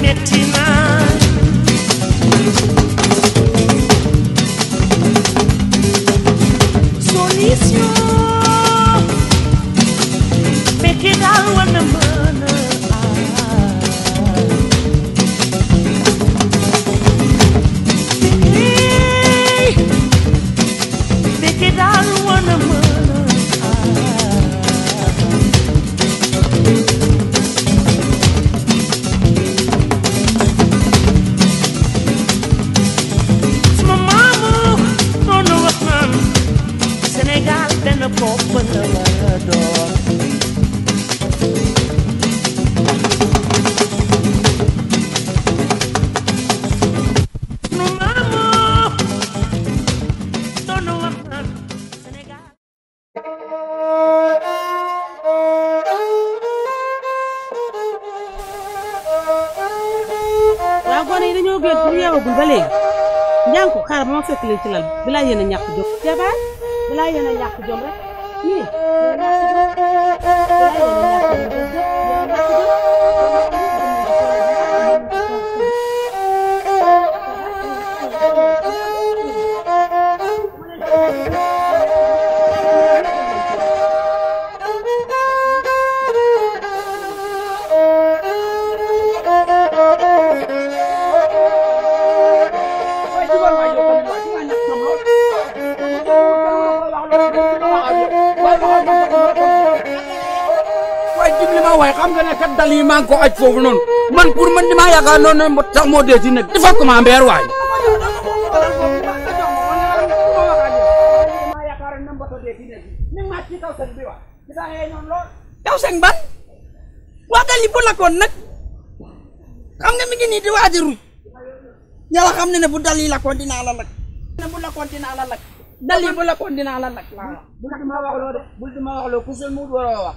Metina leen ci a ñàkk jom jabaar bi laa a ñàkk jom maa ngi ko aj foofu noonu man pour man damaa yaakaar noonu ne sax moo dee nekk dafa ko maa mbeer waay. kaw sëñ ban wax dëgg bu lakkoon nag xam nga mi ngi nii di waaj a xam ne ne bu dal yi lakkoon dinaa la lakk. ne bu lakkoon dinaa la lakk. la lakk. di ma wax a wax.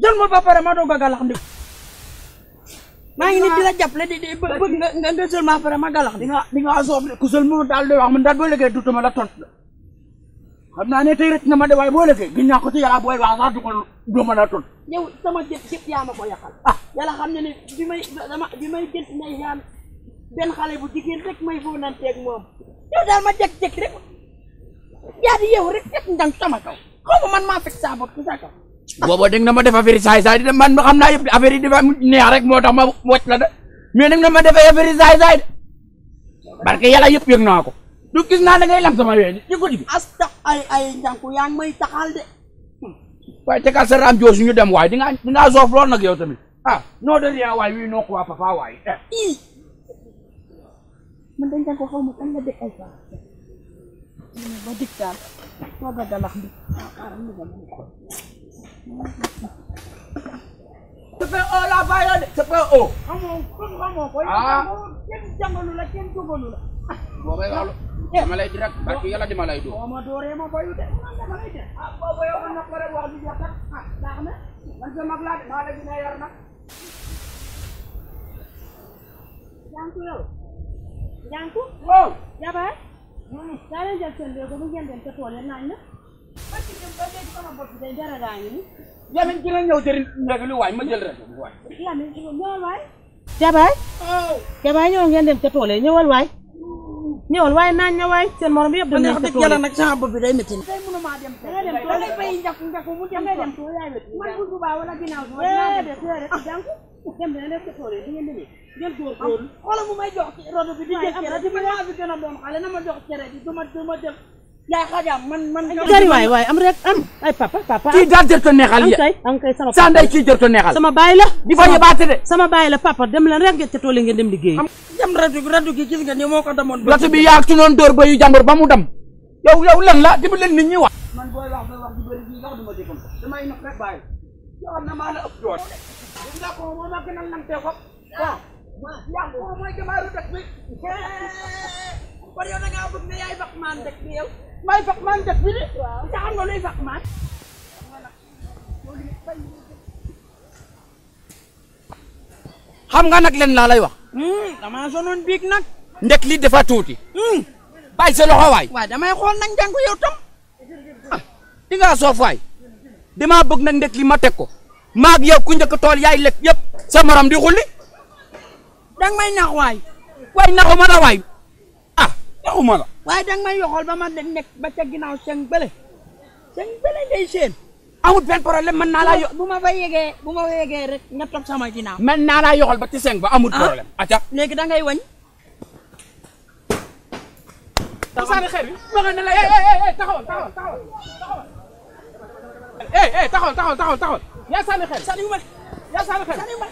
jël ma ba pare ma doog a galax ndi maa ngi nit di la jàppale di di bëgg nga nga nga seulement pare ma galax di nga di nga soof ku sel mu daal di wax man daal boo léegi dutuma la tontu xam naa ne tey rek na ma de waaye boo léegi gis naa ko du ma du ma la tontu yow sama yaa ma ko yàqal ah yàlla xam ne ne bi may dama bi may jël benn xale bu jigéen rek may foo nanteeg moom ma jekk-jekk yaa di yow rek def ndànk sama kaw xaw man maa fekk saa bopp ci booba dégg na ma def affaire saay saay de man xam naa yëpp affaire yi dafa neex rek moo tax ma wàcc la de mais nag na ma defee affaire saay saay de parce que yàlla yëpp yëg naa ko du gis naa da ngay lam sama yooyu di ko digi as tax ay ay njànku yaa ngi may dem waaye di nga di ngaa soof nag yow tamit ah non de rien waaye wii noo ko waa papa waaye eh. i man dañ ko xaw kan la de ay fa CPO laa bàyyi de CPO. xamoo comme xamoo ko. ah kenn jàngalu la kenn jógalu la. boobay wax dama lay di rek barki yàlla dama lay dóor. boo ma dooree ma bayu de man dama lay de. ah boobu yow man nag pare wax bi jàpp ah baax na man sa mag laa de maa la gën oh. a yar nag. jànku yow. jànku. waaw. jabaar. daa leen jël seen réew ba mu ngeen dem ca tool ya naañ na. Lamine dina ñëw jëriñ ndeg lu waay ma jël rek waay. Lamine ñëwal waay. Jabaay. Oh. Jabaay ñëw ngeen dem ca tool yi ñëwal waay. ñëwal waay naan ña waay seen morom yëpp dem nañ ca tool yi nag sama na. na def ko di ngeen demee jël góor góor xoolal mu may jox di ma gën a ma jox ma du ma def yaa xaajal man man. jari waay am rek am ay papa papa. kii daal jërë nga neexal yéen am kay am kay sama kii jërë neexal. sama baay la di fa yebaate de. sama baay la papa dem leen rek ngeen ca tool yi ngeen dem liggéey. am radu radu gi gis nga ni moo ko ci noonu dóor ba yu jàmbur ba mu dem. yow yow lan la di leen nit ñi wa man booy wax booy wax ju bëri ji wax dama déggoon damay nag rek bàyyi. na la ëpp doon. yow daa ko moo ma gënal nante ko. waaw yaa ko mooy jamaa da ngaa bëgg ne yaay wax maan rek may sax man nga nag leen laa lay wax. Hmm, damaa biig nag. ndek li dafa tuuti. Hmm. bàyyi sa loxo waay. waaw damay xool nag njàng yow tam. Ah, di soof waay. damaa bëgg nag ndek li ma teg ko. maag yow ku njëkk tool yaay lekk yëpp. sa morom di xulli. danga may nax waay. waay naxuma la waay. taxuma la. waaye danga may yoxol ba ma nekk ba ca ginnaaw seng bële seng bële ngay seen. amul benn problème mën naa laa yo. bu ma fa yegee bu ma fa rek nga toog sama ginnaaw. ma naa laa yoxol ba ci seng ba amul ah, problème. acca léegi da ngay wàññi. taxawal xeer bi ma nga ne la eh, eh, eh, taxawal taxawal taxawal taxawal taxawal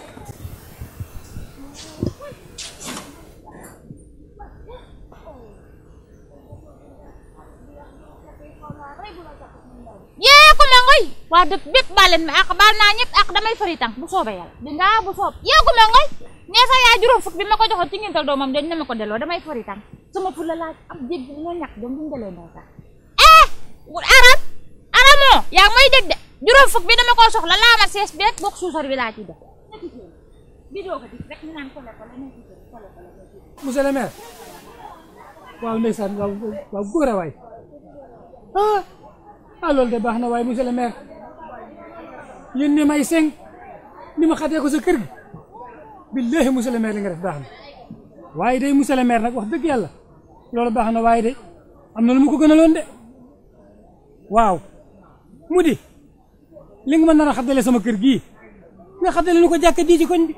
yee ya, ku mangoy wa dëkk bépp balen ma ak baal naa ñëpp ak damay fëri tànk bu soobee di nga bu soob yee ku mangoy ne sa ya juróom fuk bi mako ko joxoon ci ngental doomam deñ na ma ko delloo damay fëri tànk sama fula laaj am jég bu mo ñak dem bu ngale ndaw sax eh aram arab aramo ya may dégg de juróom fuk bi dama ko soxla la ma ses sees beeg bokk suusar bi la ciy def monsieur le maire waaw ndeysaan waaw waaw góor way ah ah loolu de baax na waaye monsieur le maire yéen ne may seng ni ma xatee ko sa kër gi billahi monsieur le maire li nga def baax na waaye day monsieur le maire nag wax dëgg yàlla loolu baax na de am na lu mu ko gënaloon de waaw li nga ma sama kër gii nga xaddale nu ko jàkk ji ci koñ bi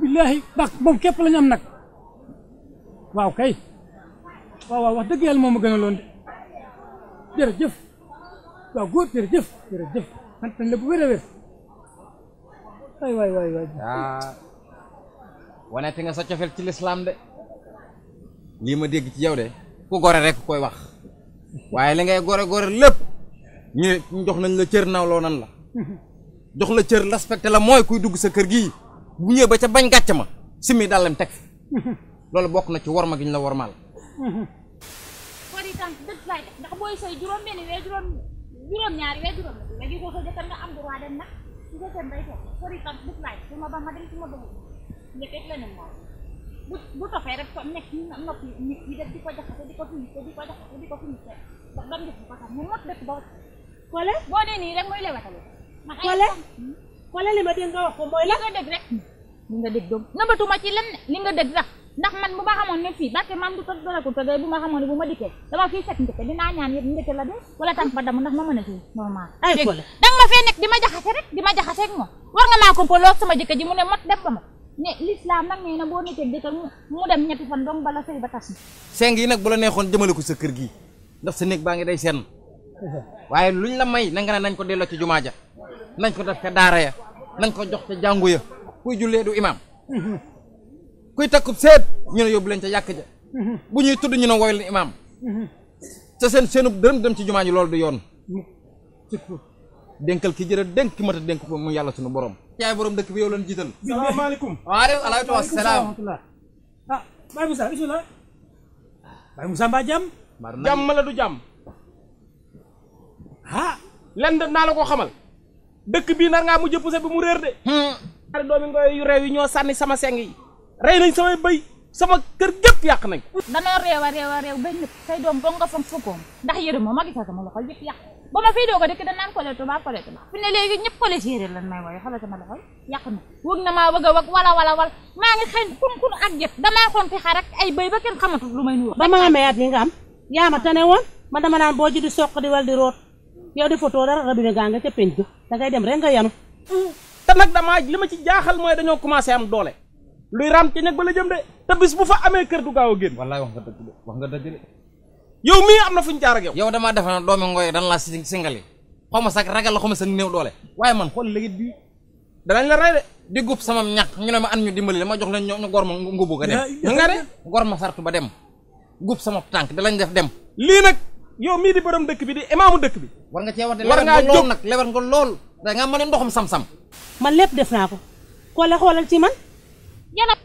billahi baax moom képp lañu am nag waaw kay waaw waaw wax dëgg yàlla ma de jërëjëf lagu góor jërëjëf kan sant bu wér a ya, wér waay waay waay waay ya. waneeti nga sa cofeel ci lislaam de ma ci yow de ku gore rek koy wax waaye li ngay gore gore lépp ñu jox nañ la cër nawloo nan la jox la cër respecté la mooy kuy dugg sa kër gii bu ñëwee ba ca bañ ah. simi na ci worma gi la booy sëy juróom benn weer juróom juróom ñaari weer juróom la nga jikoo sa jëkkër nga am droit dem nag su jëkkër day toog sori tam bug laaj su ma ba ma dem ma bëgg la ne bu bu toppee rek comme nekk ñu nopp nit ñi def di ko jaxase di ko fi di ko jaxase di ko ba ba def ko tax mu mot def ba kole boo dee nii rek mooy lewetalu kole kole li ma dégg nga wax ko mooy la nga dégg rek nga ci nga ndax man bu ma xamoon ne fii barke maam du ko dara ko tëgee bu ma xamoon ne bu ma dikkee dama fi fekk njëkk dina ñaan yëpp njëkk la de wala tam fa dam ndax ma mën fi normal ay ko la dang ma fee nek dima ma jaxase rek dima ma jaxase ak mo war nga mako kompaloo ak sama jëkkër ji mu ne mot dem ba ma ne l'islam nak nee na boo nekkee dëkkal mu dem ñetti fan dong bala sey ba tass na seng yi nak bu la neexoon jëmale ko sa kër gi ndax sa nek baa ngi day sen waaye luñ la may na nga ne nañ ko delloo ci jumaaja nañ ko def ca daara ya nañ ko jox ci jangu ya kuy jullee du imam kuy takup set ñu ne yóbbu ca yak ja bu ñuy tudd ñu ne woy leen imaam te seen dem ci jumaa ji loolu du yoon dénkal ki jere denk mata denk ko mu yalla sunu borom yaay borom dekk bi yow jital jiital alaykum wa alaykum assalam ah musa isu la bay musa ba jam jam la du jàmm ah. la xamal dekk bi nar mu jepp se bi mu reer de hmm. ar doomi ngoy yu yi ño sanni sama seng yi rey nañ samay béy sama kër gépp yàq nañ danoo réew a réew a réew ba ñëpp say doom boo nga fam fukkoom ndax yëre moo ma gisa sama loxol yëpp yàq ba ma fii doo ko dëkk danaan collège tubaab collège tubaab fi ne léegi ñëpp collège yére lan may wooye a wala wala wala maa ngi xëy kunkun xar ak ay béy ba kenn lu may nuur ba ma amee at yi nga am yaa ma tane woon ma dama naan boo ji soq di wal di root yow di photo dara gaa nga ca penc dangay dem rek nga yanu mm. te nag damaa li ma ci jaaxal mooy dañoo commencé am doole luy ram ci nek bala jëm de te bis bu fa amé kër du gaaw gën wallahi wax nga dëgg de wax nga dëgg de yow mi amna fuñu jaar ak yow yow dama doomi ngoy dan la singalé xoma sak ragal la xaw ma sax doole man xol léegi bi dañ la ray de di gup sama ñak ñu ne ma an ñu dimbali la ma jox leen ñu gor ma ngubu ga dem nga gor sartu ba dem sama tank da lañ def dem li nak yow mi di borom dëkk bi di imamu dëkk bi war nga ci wax de war nga jóg nak lewer nga lool da nga ndoxum sam-sam man lepp def naa ko ko la xolal ci man yéen a.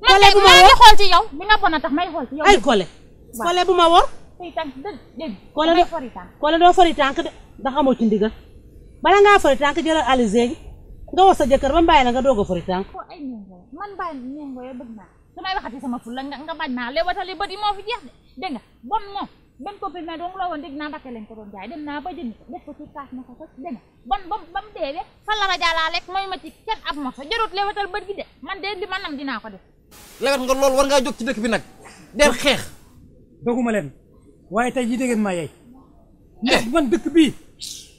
kole bu ma wor xool ci yow. mi tax may xool ci yow. ay kole. waaw kole bu ma wor. tey tànk dë dégg. kole doo fori tànk kole doo de ndax amoo ci ndigal. bala ngaa fori tànk jëlal alizé gi nga woo sa jëkkër ba mbàyyi na nga doog a fori tànk. ko ay ñeengo man bàyyi ñeengo bëgg naa damay waxati sama ful la nga bañ naa léewatal yi bët yi moo fi jeex de dégg nga bon ben même copine na doon won dégg na ndake len ko don jay dem na ba jënd def ko ci kaas na ko dem bon ba bam dewe fa la raja la lek moy ma ci kenn ab fa jarut lewatal bët gi de man de li manam dina ko def lewet nga lol war nga jog ci dekk bi nak der xex doguma len waye tay ji dégg ngeen maa yey nek man dekk bi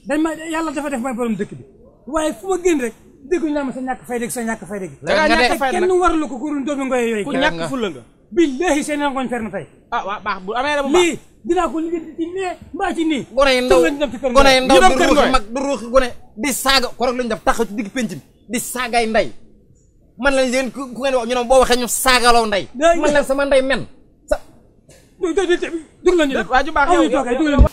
dañ ma yalla dafa def may borom dekk bi waye fuma ma rek deggu na ma sa ñak fay dégg sa ñak fay nga dégg kenn warlu ko ku dul do ngoye yoy ku ñàkk fulla nga billaahi seen ngoñ fer na tay ah wa bax bu amé la bu bax dinaa ko liggéey ci nee mbaa ci nii. gone yi ndaw gone yi ndaw du ruux mag du ruux di saaga ko lañu def taxaw ci digg penc di saagaay nday man lañ leen ku ngeen wax ñu ne boo waxee ñu saagalaw nday man leen sama nday men sa. du du du du du du du du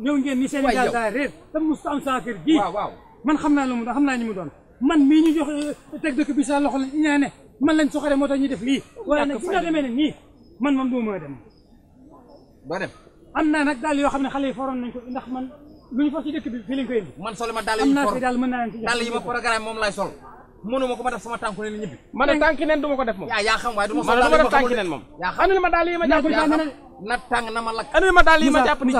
ñëw ngeen ni seen gaal daa réer te Moustapha Sakir gii man xam naa lu mu doon xam naa ñu mu doon man mii ñu jox teg dëkk bi sa loxo lañ ñaane man lañ soxare moo tax ñu def lii waaye nag su ñoo demee ne nii man man doo mën a dem doo dem am naa nag daal yoo xam ne xale yi foroon nañ ko ndax man lu ñu for ci dëkk bi fii lañ koy indi man solo ma daal yi ma programme moom lay sol mënuma ko ma def sama tànku ñibbi ma ne tànki neen ko def moom yaa yaa xam waaye du ma du moom yaa xam na tàng na ma lakk ma daal yi ma jàpp ni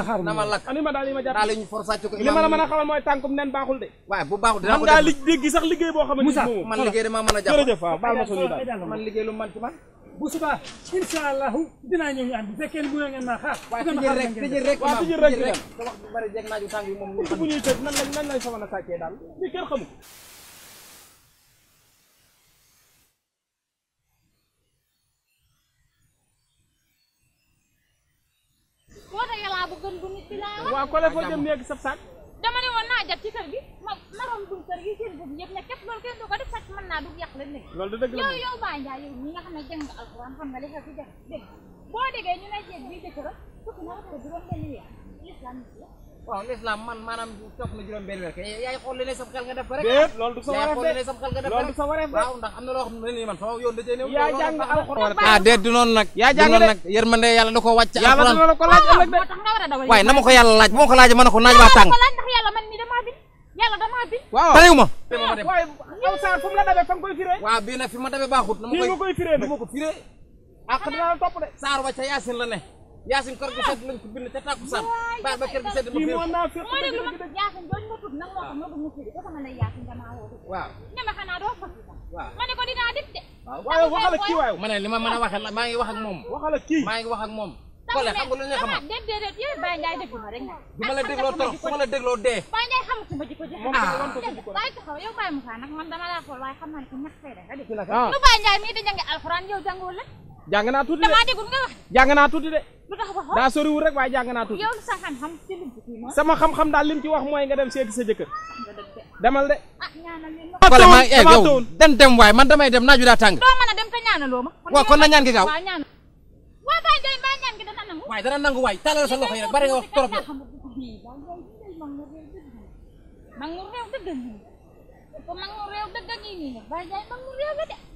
ñu forsa ci li ma la mën a xamal mooy tànkum neen baaxul de waaye bu baaxul dinaa ko def man ngaa liggéey boo xam ne Moussa man liggéey dama mën a jàpp jërëjëf waaw baal ma suñu daal man liggéey lu man ci man bu subaa insha allahu dinaa ñëw ñu bu bari ñuy tëj nan lañ nan lañ sa waaw kole foo jëm néeg sab saak dama ne woon naa ci kër gi ma maroon dugg kër gi seen dugg yëpp ne képp loolu kenn du ko def sàcc mën naa dugg yàq la nekk loolu dëgg la yow yow Baye Ndiaye yow ñi nga ne jàng alxuraan xam nga li xew ci def dégg boo déggee ñu ne jeeg bi jëkkëram fukk na ko juróom benn weer islam la waaw l'islam man maanaam toog na juróom benn weer kay yaay xool ko rek déet loolu du sa wareef de sam xel nga sa wareef de waaw ndax am na loo xam ne nii man sama yoon ah, nag yaa jàng nag yërmande yàlla da ko wàcc alxuraan ah, waaye na ma ko yàlla laaj bu ma ko laajee ma ko naaj waa tàng yàlla man mi damaa bind yàlla damaa bind ma bii nag fi ma dabe baaxut na ma koy firee ma ko firee ak ah, dina la de saar wa yaasin la ne yaasin kor gu sedd lañ ko bind te tàkku san ba ba kër gu sedd ma mo na fi mo moo xam ma ko na yaasin dama woo waaw ne ma xanaa kii waaw ma ne li ma mën a waxee maa ngi wax ak moom waxal ak maa ngi wax ak moom kole xam nga lu ñu xamal déet déet déet yéen Baye Ndiaye déglu ma rek du ma la dégloo torox su ma la dégloo dee Baye Ndiaye xamatuma ah, man dama laa xool waaye da nga def ah. lu Baye Ndiaye mii jangan atuh tuuti jangan atuh déglu nga wax. jàng rek yow sa xam-xam ci lim ci sama xam-xam daal lim ci wax mooy nga dem seeti sa demal de. ah ñaanal leen ma. wala maa dem man damay dem naaju dem ma. kon na ñaan gi ñaan gi dana nangu. dana nangu sa rek bari nga wax de.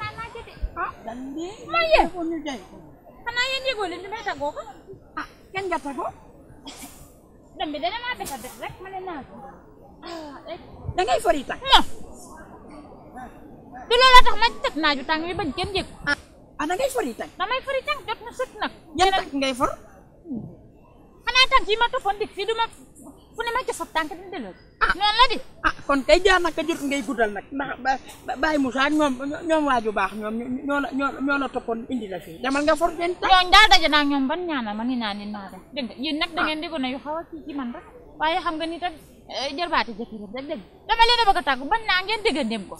ah man xanaa yéen yëgoo leen li may tàggoo ko ah kenn nga tàggoo dem bi dana maa bett a bett rek ma ne naa da ngay fori tàng non kenn yëg ah da ngay fori tàng jot na sët nag yan tàng ngay for sama tànk yi ma toppoon dik fii du ma fu ne ma jëf tànk di delloo ah noonu la di ah kon kay jaar naka jot ngay guddal nag ndax Baye ñoom waaju baax ñoom ñoo la ñoo la toppoon indi la fii demal nga for seen ñooñ daal daje naa ñoom ban ñaanal ma ni naa ni naa dem dégg nga yéen nag da ngeen di gën a yu xaw a kii ci man rek waaye xam nga ni tak eh, jërbaate jëkkëram rek dégg dama leen a bëgg a tàggu ban naa ngeen déggandem ko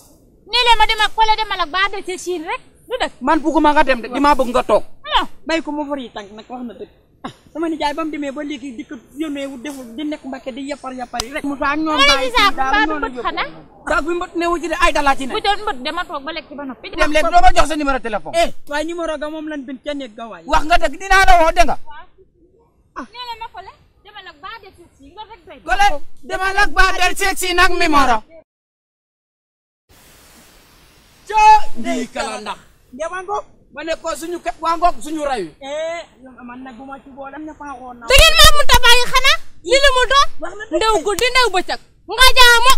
ma dem ak de ci rek du dëkk man bugguma nga dem de dima bëgg nga toog ah. bay ko ma for yi tànk nag wax na dëgg sama nijaay ba mu demee ba léegi di ko yónnee wu deful di nek mbàkke di yappar yappar yi rek. mu saa ñoom bàyyi si daal noonu la xanaa. saag bi mbët newu ci de ay dalaa ci ne. bu doon mbët dama toog ba lekk ci ba dem lek doo ma jox sa numéro téléphone. eh waaye numéro ga moom lan bin ca néeg ga waay. wax nga dëgg dinaa la woo dégg nga. ah na ma ko le demal ak baa del seet nga rek doy. ko le demal ak baa del seet si nag numéro. coo. di kala ndax. demal mané ko suñu kat wa ngok suñu rayu. man nag bu ma ci boole am na faa xool naa. dangeen maa mënta bàyyi xanaa. li li mu doon. ndaw guddi ndaw bëccëg. nga jaamo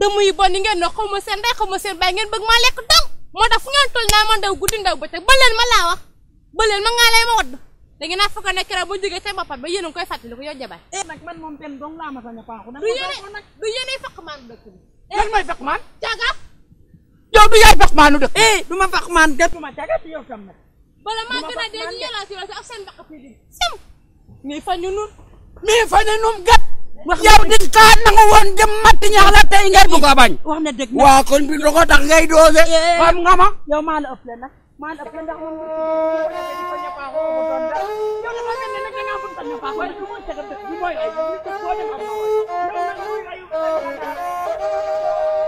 dëmm yi bon yi ngeen ne xaw ma seen ndey xaw ma ngeen bëgg ma lek dong. mo daf fu ngeen toll naa ma ndaw guddi ndaw bëccëg ba len ma la wax ba len ma nga lay ma wad da ngeen na fekk ne keroog bu jógee te boppam ba yeenu koy fatali ko yo jaba eh nak man mom benn dong la ma sañ a paaxu. nak du yene fak man dekk bi. may fak man jaga jadi ya pak manu dëkk eh duma Bakman deppuma jaga ci yow tam nak bala ma gëna dé ñu yalla ci wala ak seen bakk fi mi fa ñu nun mi fa ñu num gat yow di ka nangu won dem mat ñax la tay bu ko bañ wax na wa kon bi do ko tax ngay xam nga ma ma la nak ma la ndax fa ñapa ko don da la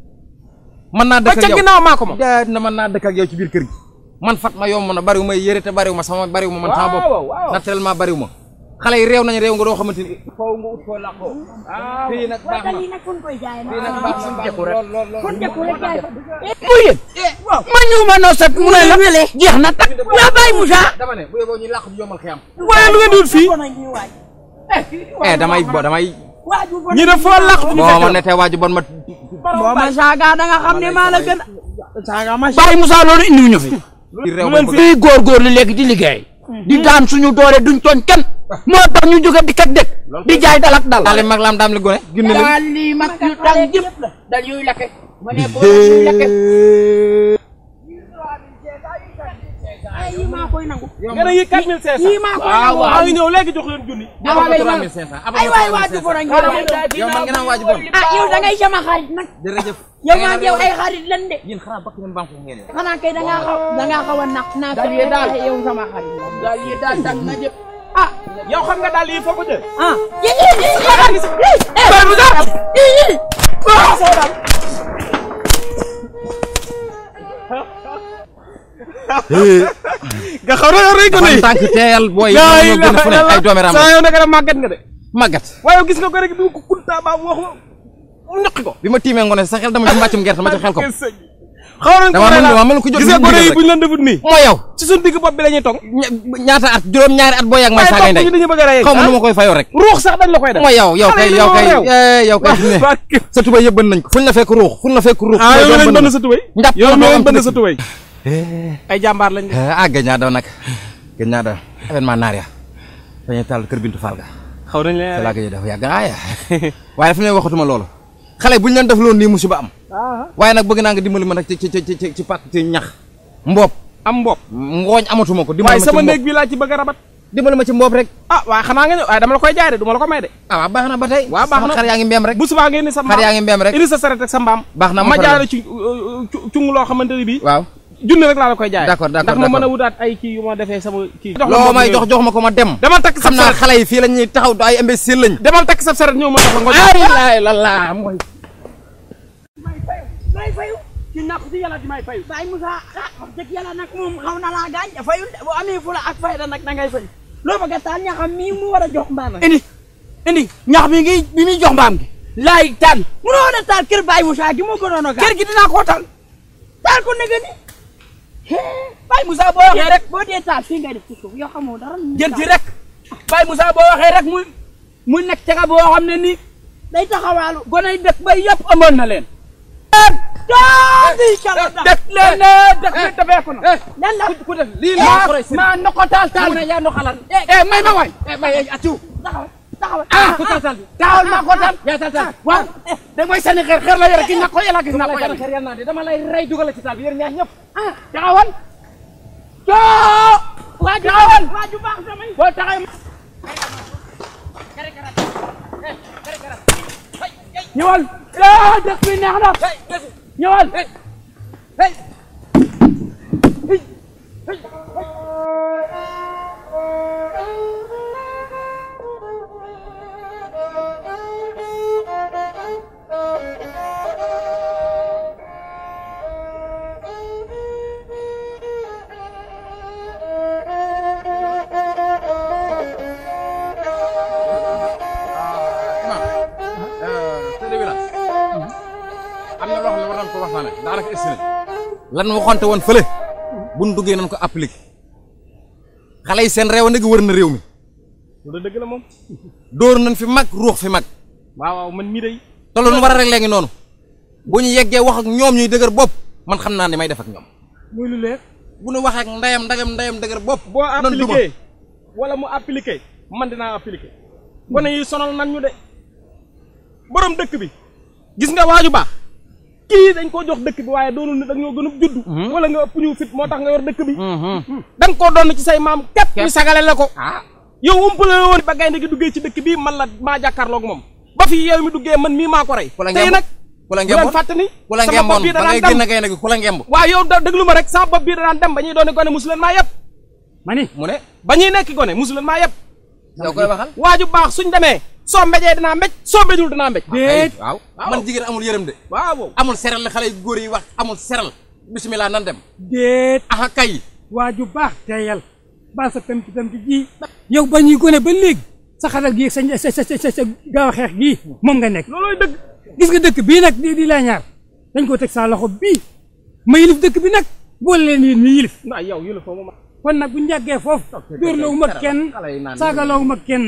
mën naa dëkk ak yow ginnaaw maa naa dëkk ci biir kër gi man fat ma yomb na bariwu ma yére te bariwu ma sama bariwu ma man sama bopp naturellement bariwu ma xale yi réew nañ réew nga doo xamante ni faw nga ut na ah, fii nag baax na ah. lool bu yéen eh, ma ñëw ma noo set mu ne la na tak waa bàyyi Moussa dama waaye lu nga dul fii eh damay damay ñi dafa laq ñu boo a netee waaju bon ma boo ma saaga da nga xam ne maa la gën saaga ma bàyyi Moussa loolu indiwu ñu fi ñuy góorgóorlu léegi di liggéey mm-hmm. di daan suñu doole duñ tooñ kenn moo tax ñu jóge di kat dëkk di jaay dal ak dal daal mag laam daam li gone ginne daal li mag yu tàng jëpp ay eh, yii maa koy nangu. nga ne yii 4500 yii maa koy nangu ah, waaw ngi ñëw léegi jox leen junni. ay waay waaju bon a ngi yow man nga naan waaju bon. ah yow da ngay jama xarit nag. jërëjëf yow maa ngi yow ay xarit lan de. yéen xanaa bakk ngeen bànku ngeen yow. xanaa kay da ngaa xaw da ngaa xaw a naq naa fekk daal yow sama xarit. daal yii daal tànn na jëpp. ah yow xam nga daal yii foo ko jël. ah yii yii yii yii yii yii yii Eh. nga xaw ya, ya. gitu, ya? rek rek ko ni tank teyal boy ñu ay doomi ram sa yow nak magat nga de magat wayo gis nga ko rek bu ko kunta ba wax ñak ko bima timé ngone sa xel dama ci mbàccum gerte ma ci xel ko xaw nañ ko la dama ko jot gis nga gone yi buñ leen defut ni mo yow ci sun digg bop bi lañuy tok ñaata at juroom ñaari at boy ak may sa ngay xaw ma numa koy fayo rek ruux sax dañ la koy def mo yow yow kay yow kay eh yow kay sa tubay yebban nañ ko fuñ la fekk ruux fuñ la ruux lañ sa tubay sa tubay ay eh, eh, jambar lañu eh, ah gagna do nak gagna do doon manar ya dañu tal keur Bintu Fall ga. xaw nañ la gagna def yàgg naa ya waaye fi mu waxatuma loolu xalé bu ñu def loolu ni musiba am. waye nak bëgg na nga dimbali ma nak ci ci ci ci pat ci ñax. mbop am mbop ngoñ amatuma ko. dimbali ma ci sama neeg bi la ci bëgg rabat. dimbali ma ci mbop rek. ah wa xana nga ñëw dama la koy jaare duma la ko may de. ah wa baxna na ba tey. waaw baax xar yaangi mbem rek. bu suba ngeen ni sama xar yaangi mbem rek. indi sa saret sa mbam baxna ma jaay la ci cung loo xamante ne waaw junne rek laa la koy jaay d'accord d'accord ndax ma mën a wutaat ay kii yu ma defee sama kii loo may jox jox ma ko ma dem demal takk xam naa xale yi fii la ñuy taxaw du ay imbécile lañ demal takk sab saret ñëw ma jox nga ay laa lala mooy may fayu may fayu ci napp si yàlla di may fayu Baye Moussa ah, wax na laa gaañ fayul bu amee fula ak fayda nag da ngay fay loo a taal ñaxam mii mu war a jox mbaam indi indi ñax mi ngi bi muy jox mbaam gi laay taal mënoo woon a taal kër Baye Moussa gi moo gënoon a gaañ kër gi dinaa koo ko nega ni Baye Moussa boo waxee rek boo dee taal fii ngay def ci suuf rek Baye Moussa boo waxee rek muy muy nekk ca nga boo xam ne nii day taxawaalu gonay dëkk ba yëpp amoon na leen. def leen def leen defeeku na. lan la ku def lii la maa maa noqo taal taal. ne yaa noqalal. eh taxawal ah ku ah Hey! lan waxonte woon fële buñ duggee nañ ko appliqué xale yi seen réew nag wër mi lu dëgg la moom. dóor nañ fi mag ruux fi mag. waaw waaw man mii day. te war rek léegi noonu. bu ñu wax ak ñoom ñuy dëgër bopp man may def ak muy lu leer. ak ndayam ndayam wala mu appliqué man dinaa appliqué. gone yi sonal nan ñu de borom dëkk bi gis nga waaju baax kii dañ koo jox dëkk bi nit ak ñoo judd mhm. wala nga ëpp ñu fit moo nga yor dëkk bi mhm. da nga doon ci say ñu yow umpul won ba gaynde gi duggé ci dëkk bi man la jakarlo ak mom ba fi yow mi duggé man mi mako ray tay nak wala ku wala fatani wala sama bopp bii danaan dem gaynde gi ku la ngemb waaw yow degluma rek sa bop bi da nan dem ba doone goné musulman ma ni mu ne ba nek goné musulman ma maa yow koy waxal waju bax suñ démé so mbéjé dinaa mbéj so mbéjul dinaa mbéj waaw man jigéen amul yërem dé waaw amul séral xalé xale yi wax amul séral bismillah nan dem déet ah kay waaju baax ba sa tem tam gi yow bañ yi gone ba leg sa xaral gi sa sa sa sa gaaw xex gi mom nga nek loloy deug gis nga deuk bi nak di la ñaar dañ ko tek sa loxo bi ma yilif deuk bi nak bo leen ni ñu yilif na yow yilif ma kon nak bu ñagge jàggee foofu wu ma kenn wu ma kenn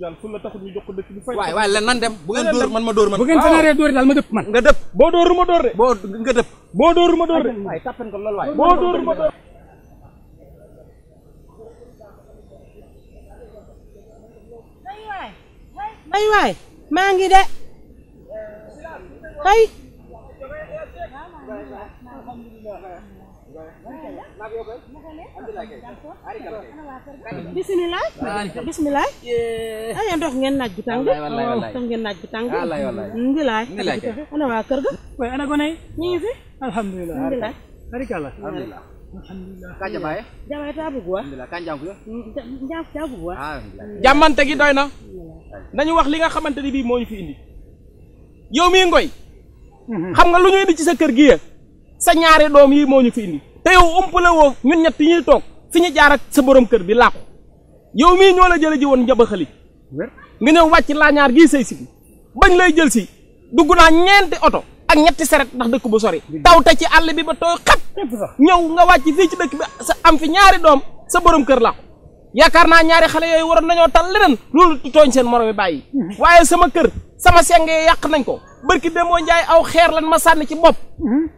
dal fu la taxu ñu jox deuk bi fay way way len nan dem bu ngeen dóor man ma dóor man bu ngeen fanaree dóor dal ma depp man nga dëpp boo dóoruma dóor de bo nga dëpp boo dóoruma dóor de ay tapen ko lool waay boo dóoruma dóor ay waay maa ngi de ay bisimilah bisimilah ay ndox ngeen naaj bu tàng oh, ndox ngeen naaj bu tàng ngi laay ana waa kër ga waaye ana gone yi ñu ngi fi alhamdulilah barikalla kaa jabaye jabaye taa bugg jàmmante gi doy na nañu wax li nga xamante ni bii moo ñu fi indi yow mii ngoy mhm. xam nga lu ñu indi ci sa kër gi ya sa ñaari doom yi moo ñu fi indi te yow umpale woo ñun ñett ñuy toog fi ñu jaar ak sa boroom kër bi làqu yow mii ñoo la jële ji woon njabaxali nga ñëw wàcc laañaar gii say si bañ lay jël si dugg naa ñeenti oto ak ñetti saret ndax dekk bu sori taw ta ci all bi ba tooy xat ñew nga wacc fi ci dekk bi sa am fi ñaari dom sa borom kër la yaakaar naa ñaari xalé yoy waron nañu tal leneen toñ seen bi bayyi waye sama kër sama sengé yak nañ ko barki demo ndjay aw xeer lan ma sànni ci nyurai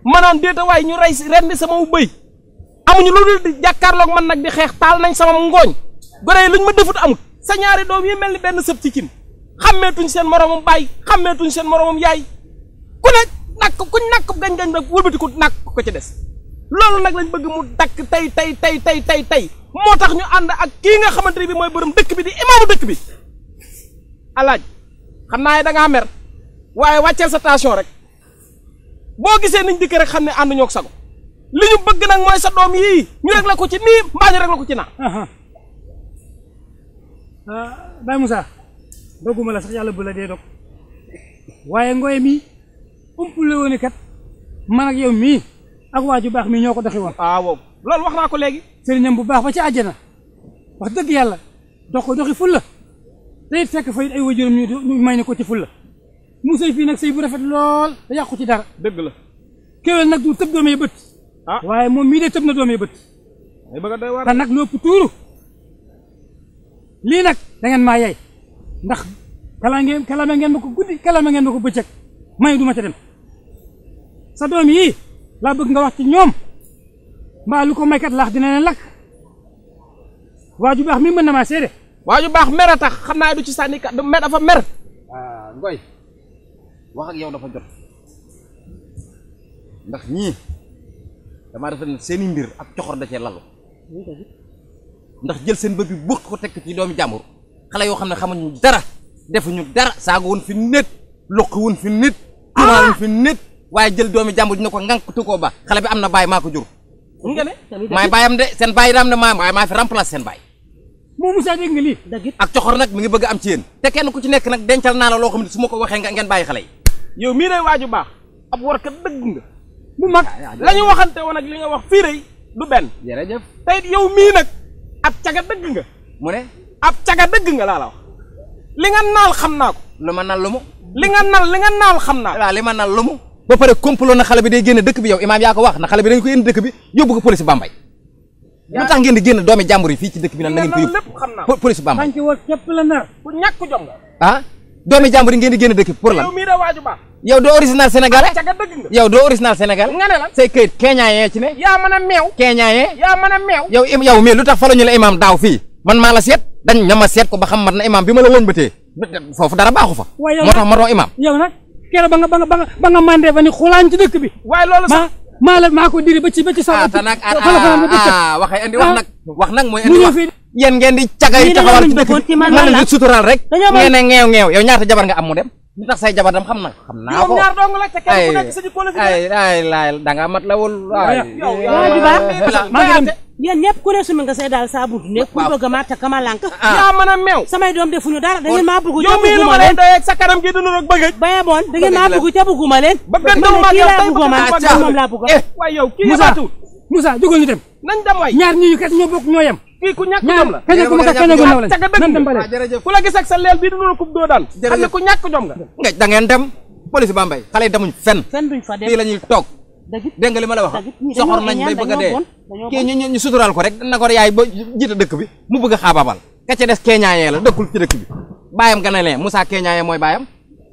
manon deta way ñu rey rendi sama beuy amuñu lolu di di jàkkaarloog man nak di xex tal nañ sama ngooñ gore luñ ma defut amut sa ñaari dom yi melni ben benn sëb ci cin xammeetuñ seen moromum bàyyi xammeetuñ seen moromum yaay ku ne nakk ku nakk gañ-gañ rek wëlbati ko nakk ko ci des loolu nag lañ bëgg mu dakk tey tey tey tey tey tey moo tax ñu ànd ak kii nga xamante bi mooy borom dëkk bi di imaamu dëkk bi alaaj xam naa ne dangaa mer waaye wàcceel sa tension rek boo gisee niñ dikk rek xam ne ànd ñoo sago li ñu bëgg nag mooy sa doom yii ñu rek la ko ci nii mbaa ñu rek la ko ci naa ah, Baye musa dogguma la sax yàlla bu la dee dog waaye ngooy mi umpulé woné kat man ak yow mi ak waju bax mi ñoko doxi won ah wow lool wax na ko légui serignam bu bax ba ci aljana wax deug yalla dox ko doxi ful la day fekk fay ay wajurum ñu may ne ko ci ful la mu sey fi nak sey bu rafet lool da yaqku ci dara deug la kewel nak du teub doomé beut ah waye mom mi de teub na doomé beut ay bëgg day war ta nak lopp tuuru li nak da ngeen ma yey ndax kala ngeen kala ngeen mako guddi kala ngeen mako beccëk may duma ca dem sa doom yi la bëgg nga wax ci ñoom mbaa lu ko maykat laax dina leen lakk waaju baax mi mën na maa seede waaju baax mer tax xam naa du ci sànni kat mer dafa mer ah ngoy wax ak yow dafa jot ndax ñii dama defe ne seeni mbir ak coxor da cee lalu ndax jël seen bët bi ko tekk ci doomi jàmbur xale yoo xam ne xamuñu dara defuñu dara saago woon fi nit loqi woon fi nit tuumaal woon fi nit waye jël doomi jàmbur ñu ko ngank tu koo ba xale bi amna na mako jur. nga ne maay baayam de sen baay ramna ma may ma fi remplacer sen baay. mo musa deg nga li ak xoxor nak mi ngi bëgg am ci yeen te kenn ku ci nekk nak dencal na la lo xamni suma ko waxe nga ngeen bàyyi xalé yow mi ray waju bax ab ka deug nga. bu mag lañu waxante won ak li nga wax fi ray du ben jërëjëf jef it yow mi nak ab caga deug nga. mu ne ab caga deug nga la la wax. li nga nal xamna ko. luma nal naal li nga nal li nga nal xamna naa li ma ba pare complot na xale bi day génn dëkk bi yow imaam yaa ko wax na xale bi dañ ko indi dëkk bi yóbbu ko police Bambey lu tax ngeen di génn doomi jàmbur yi fii ci dëkk bi nan na ngeen ko yóbbu police Bambey ah doomi jàmbur yi ngeen di génn dëkk bi pour lan yow doo original sénégalais yow doo original sénégalais nga ne lan say këyit keeñaa yee ci ne yaa mën a meew keeñaa yee yaa mën a meew lu tax falo ñu la imaam daaw fii man maa la seet dañ ñama seet ko ba xam mat na imaam bi ma la wëñ ba tee foofu dara baaxu fa moo keroog ba nga ba nga ba nga mandee ba ni xulaan ci dëkk bi. waaye loolu sax maa maa la maa ko diri ba ci ba ci. ah te nag ah ah, ah ah waxee andi wax ah, nag. wax nag mooy andi wax. yen ngeen di cagay taxawal ci dëkk man di sutural rek ngeen ngeew ngeew yow ñaar ñaata jabar nga amu dem li tax say jabar dam xam na xam na ko ñaar dong la ca kenn ku nekk suñu jikko ay ay lay da nga mat lawul ay yow yow ba ma ngi dem yéen ñep ku ne suñu nga say dal sa bu ne ku bëgg ma ta kama lank ya mëna mew samay doom defu ñu dara da ngeen ma bëgg yow mii lu ma leen doy ak sa karam gi du ñu rek bëgg baye bon da ngeen ma bëgg ci ca ma leen bëggantum ma yow tay bëgguma mom la bëgg way yow ki kii Moussa Moussa jogol ñu dem nañ dem way ñaar ñi kat ñoo bok ñoyam kii ku ñàkk jom la kañ ku mag kañ ah, ku la gis ak sa leel bii du doon kub doo daan xam ne ku jom nga nga da ngeen dem police Bambey xale yi demuñ fenn fii la ñuy toog dégg nga li ma la wax soxor nañ bay bëgg a dee kii ñu ñu suturaal ko rek na ko yaay ba jiite dëkk bi mu bëgg a xaabaabal ka ca des keeñaayee la dëkkul ci dëkk bi baayam gana lee Moussa keeñaayee mooy baayam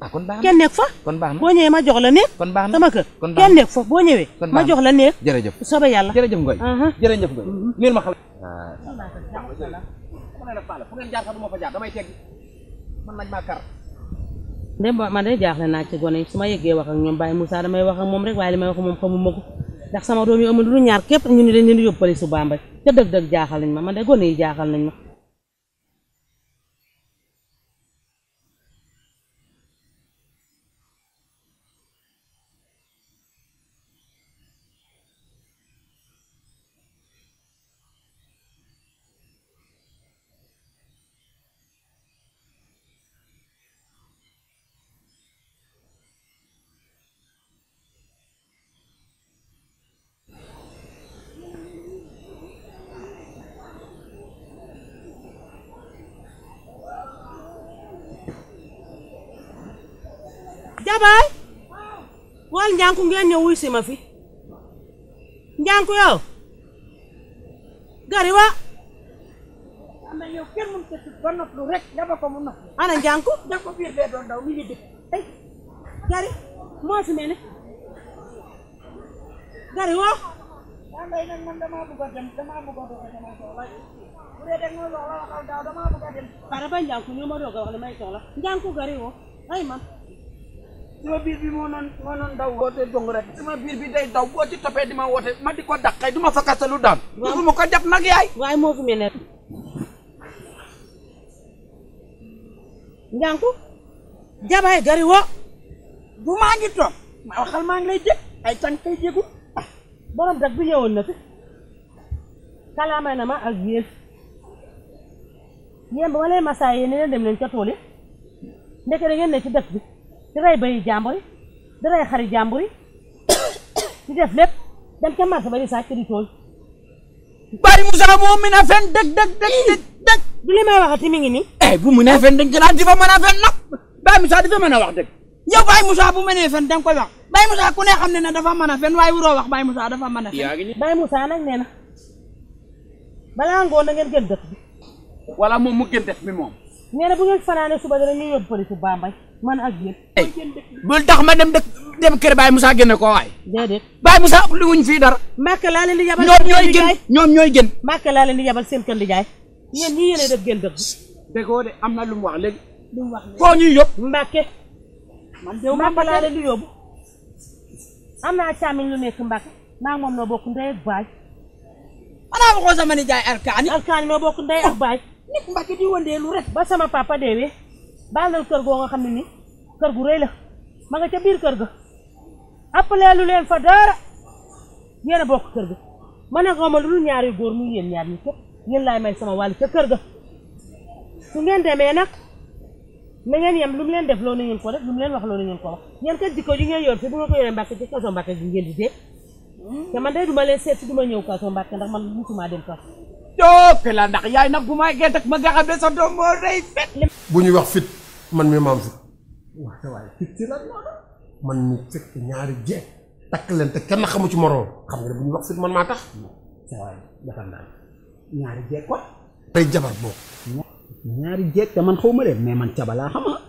Ah, kenn nekk fa boo ñëwee ma jox la néeg sama kër kenn nekk fa boo ñëwee ma jox la néeg jërëjëf sobe yàlla jërëjëf ngoy uh-huh. jërëjëf ngoy niil ma xale fu ngeen ma fa jaar damay tegg man nañ maa kar de man de jaaxle naa ci gone yi su ma yeggee wax ak ñoom Baye Moussa damay wax ak moom rek waaye li may wax moom xamuma ko ndax sama doom yi amul lu ñaar képp ñu ni leen leen yóbbali su Bambey te dëgg-dëgg jaaxal nañ ma ma de gone yi jaaxal nañ ma njànku ngeen ñëw wuy si a fi njànku yow gariwa ana yow kenn mën ko tut ba nopplu bee doon daw mi ngi dëkk ay gari moo fi mel gari woo daa ba njànku ñoo ma doog a wax li may soxla gari woo ay man sama biir bi moo noon moo noon daw woote dong rek sama Je bi day daw boo ci toppee di ma woote ma di ko dàqee du ma fa kasalu Je du ma ko jàpp nag yaay waaye moo fi mel njànku jabaay gari wo bu maa ngi Je ma waxal maa ngi lay jég ay tànk kay jégul borom dag bi ñëwoon na fi kalaamay Je ma ak yéen yéen ba ma leen masaa yéen ne leen dem leen ca tool yi ya. ngeen ne ci dëkk bi di rey bayi jambori yi di rey xari jambori yi di def lepp dem ci marché ba di sàcc di tol bari musa mo mën a fen dëgg dëgg dëgg dëgg du li may mi ngi ni eh bu mën a fen dëgg la di fa mën fen nak bay musa di fa mën wax dëgg yow bay musa bu mene fen dang koy wax bay musa ku ne xamne na dafa mën a fen waaye wuroo wax bay musa dafa mën fen bay musa nak neena bala ngo na ngeen gën dëkk wala mom mu gën def mi mom nee na bu ngeen fanaane suba dana ñu yóbbu police Bambey man ak yéen. bul tax ma dem dëkk dem kër Baye Moussa génne ko waay. déedéet Baye Moussa lu wuñ fii dara. Màkka laa leen di yabal ñoom ñooy gën ñoom ñooy gën. Màkka laa leen di yabal seen kër di jaay. ñeen ñii yéen a def gën dëkk. am na lu mu wax léegi. lu mu wax léegi koo ñuy yóbbu. nekk Mbàkke maa ngi moom noo bokk ndey ak sama nijaay alkaani. alkaani noo nit Mbacke di wëndeelu rek ba sama papa deewee baalal kër goo nga xam ne ni kër gu rëy la ma nga ca biir kër ga appaleelu leen fa dara yéen a bokk kër ga ma ne xawma lu dul ñaari góor muy yéen ñaar ñi képp ngeen laay may sama wàll ca kër ga su ngeen demee nag na ngeen yem lu mu leen def loo na ngeen ko def lu mu leen wax loo na ngeen ko wax ngeen kat jikko ji ngeen yor si bu ma ko yoree Mbacke ci kaso Mbacke gi ngeen di dee te man day duma leen seet si duma ñëw kaso donc kalau ndax yaay nak buma maa gee teg ma nga bunyi ne sa doom moo rey fet bu wax fit man mi maam fit wax sa waaye fit ci lan moo man mi fekk ñaari je takk leen te kenn xamu ci moroom xam nga bu wax fit man maa tax sa waaye defal naa ñaari jeeg quoi day jabar boobu ñaari te man mais man caba laa xama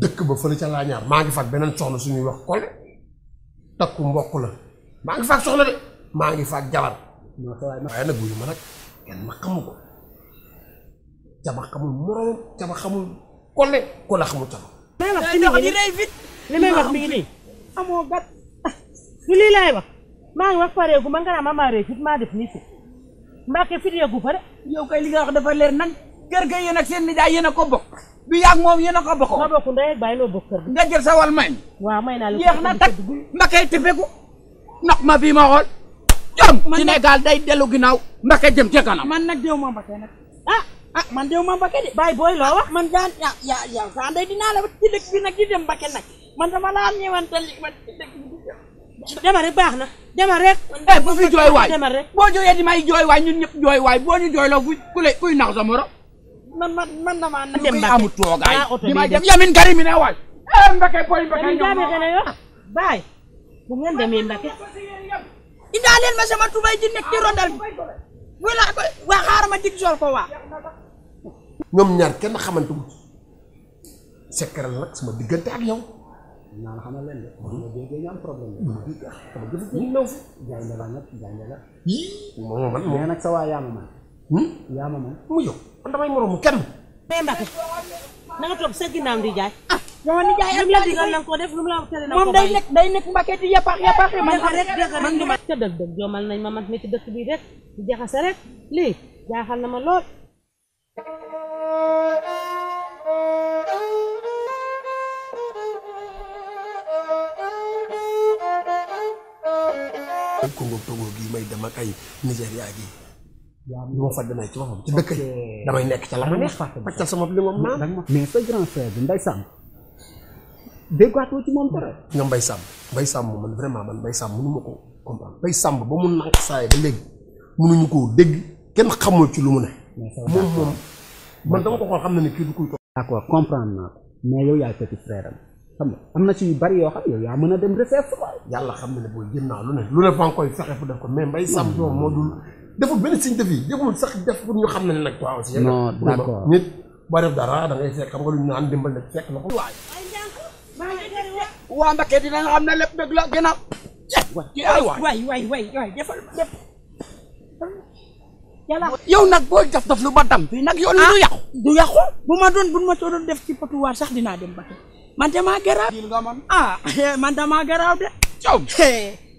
dëkk ba fële ca laa ñaar maa ngi faat beneen soxna suñuy wax kole takku mbokk la maa ngi soxna de ngi jabar nah, ma ma xamu ko caba xamul moromam caba xamul kole kole xamul caba li may wax mi ngi nii amoo gat lu lii laay maa ngi wax pareegu ma nga naa ma maa rëy fit maa def nii fit fit yeegu pare yow kay li nga wax dafa leer nañ kër ga yéen ak seen nijaay yéen ko bokk du yàgg moom yéen a ko bokk ma bokk ndey ak loo bokk kër ga nga sa wal waa waaw may naa la yeex na tag ma kay ma fii ma xool jom Sénégal day dellu ginnaaw Mbacké jëm ca kanam man nag déw ma Mbacké nag ah ah man déw ma Mbacké de bàyyi booy loo wax man jaan ya ya ya saa ndey dinaa la ci dëkk bi nag di dem Mbacké nag man dama laa ñëwantal li man ci dëkk bi demal rek baax na demal rek. eh bu fi jooy waay demal rek boo jooyee di may jooy waay ñun ñëpp jooy waay boo ñu jooy la ku ku kuy nax sa morom. man man man damaa na dem Mbacké amul toogaay di may dem Yamin Karim ne waay. eh Mbacké booy Mbacké ñoom baay bu ngeen demee Mbacké indaaleel ma sama tubay ji nekk ci rondal bi wala ko waa xaaral ma dig sol ko waa. ñoom ñaar kenn xamante wu sekkaral nag sama diggante ak yow. ñaan xamal leen hmm. hmm. ma hmm. la man moom nag sa waa yaama man. yaama man mu yow man damay kenn. mais Mbacke. na nga topp sa ginnaaw di jaay. ah ni jaay ak na nga ko def lu mu la tere na moom day nekk day nekk mbàkkee di yàppax yàppax man xam rek man ma ca dëgg dëgg joomal nañ ma man mi ci dëkk bi rek di jaxase rek jaaxal na ma lool. Congo Togo gi may dem ak ay gi waaw li ma fa damay ci boppam ci dëkk damay nekk ca la ma neex pàccal sama li ma maam mais sa grand frère bi Mbaye Samb déggaatoo ci moom dara ñoom Mbaye Samb Mbaye Samb vraiment man Mbaye Samb mënu ma ko comprendre Mbaye Samb ba mu nank saay ba léegi mënuñu koo kenn xamul ci lu mu ne moom moom man dama ko xool xam na ne kii du kuy toog d'accord comprendre naa ko mais yow yaay petit frère am xam nga am na ci yu bari yoo xam yaa mën a dem recevoir yàlla xam na ne booy jën naa lu ne lu ne fa nga koy fexe fu def ko mais Mbaye Samb moom moo dul deful benn signe deful sax def pour ñu xam ne nag. waaw si non d'accord nit boo def dara da ngay fekk xam nga lu ñu naan dimbal nag fekk na ko. waa Mbakke dina nga xam ne lépp dëgg la ginnaaw. waay waay waay waay waay defal def. yow nag boo def daf lu ba dam fii nag yow li du ah, yàqu. du yàqu bu ma doon bu ma doon def ci patuwaar sax dinaa dem ba man damaa garaaw. diil nga man ah man damaa garaaw de. coow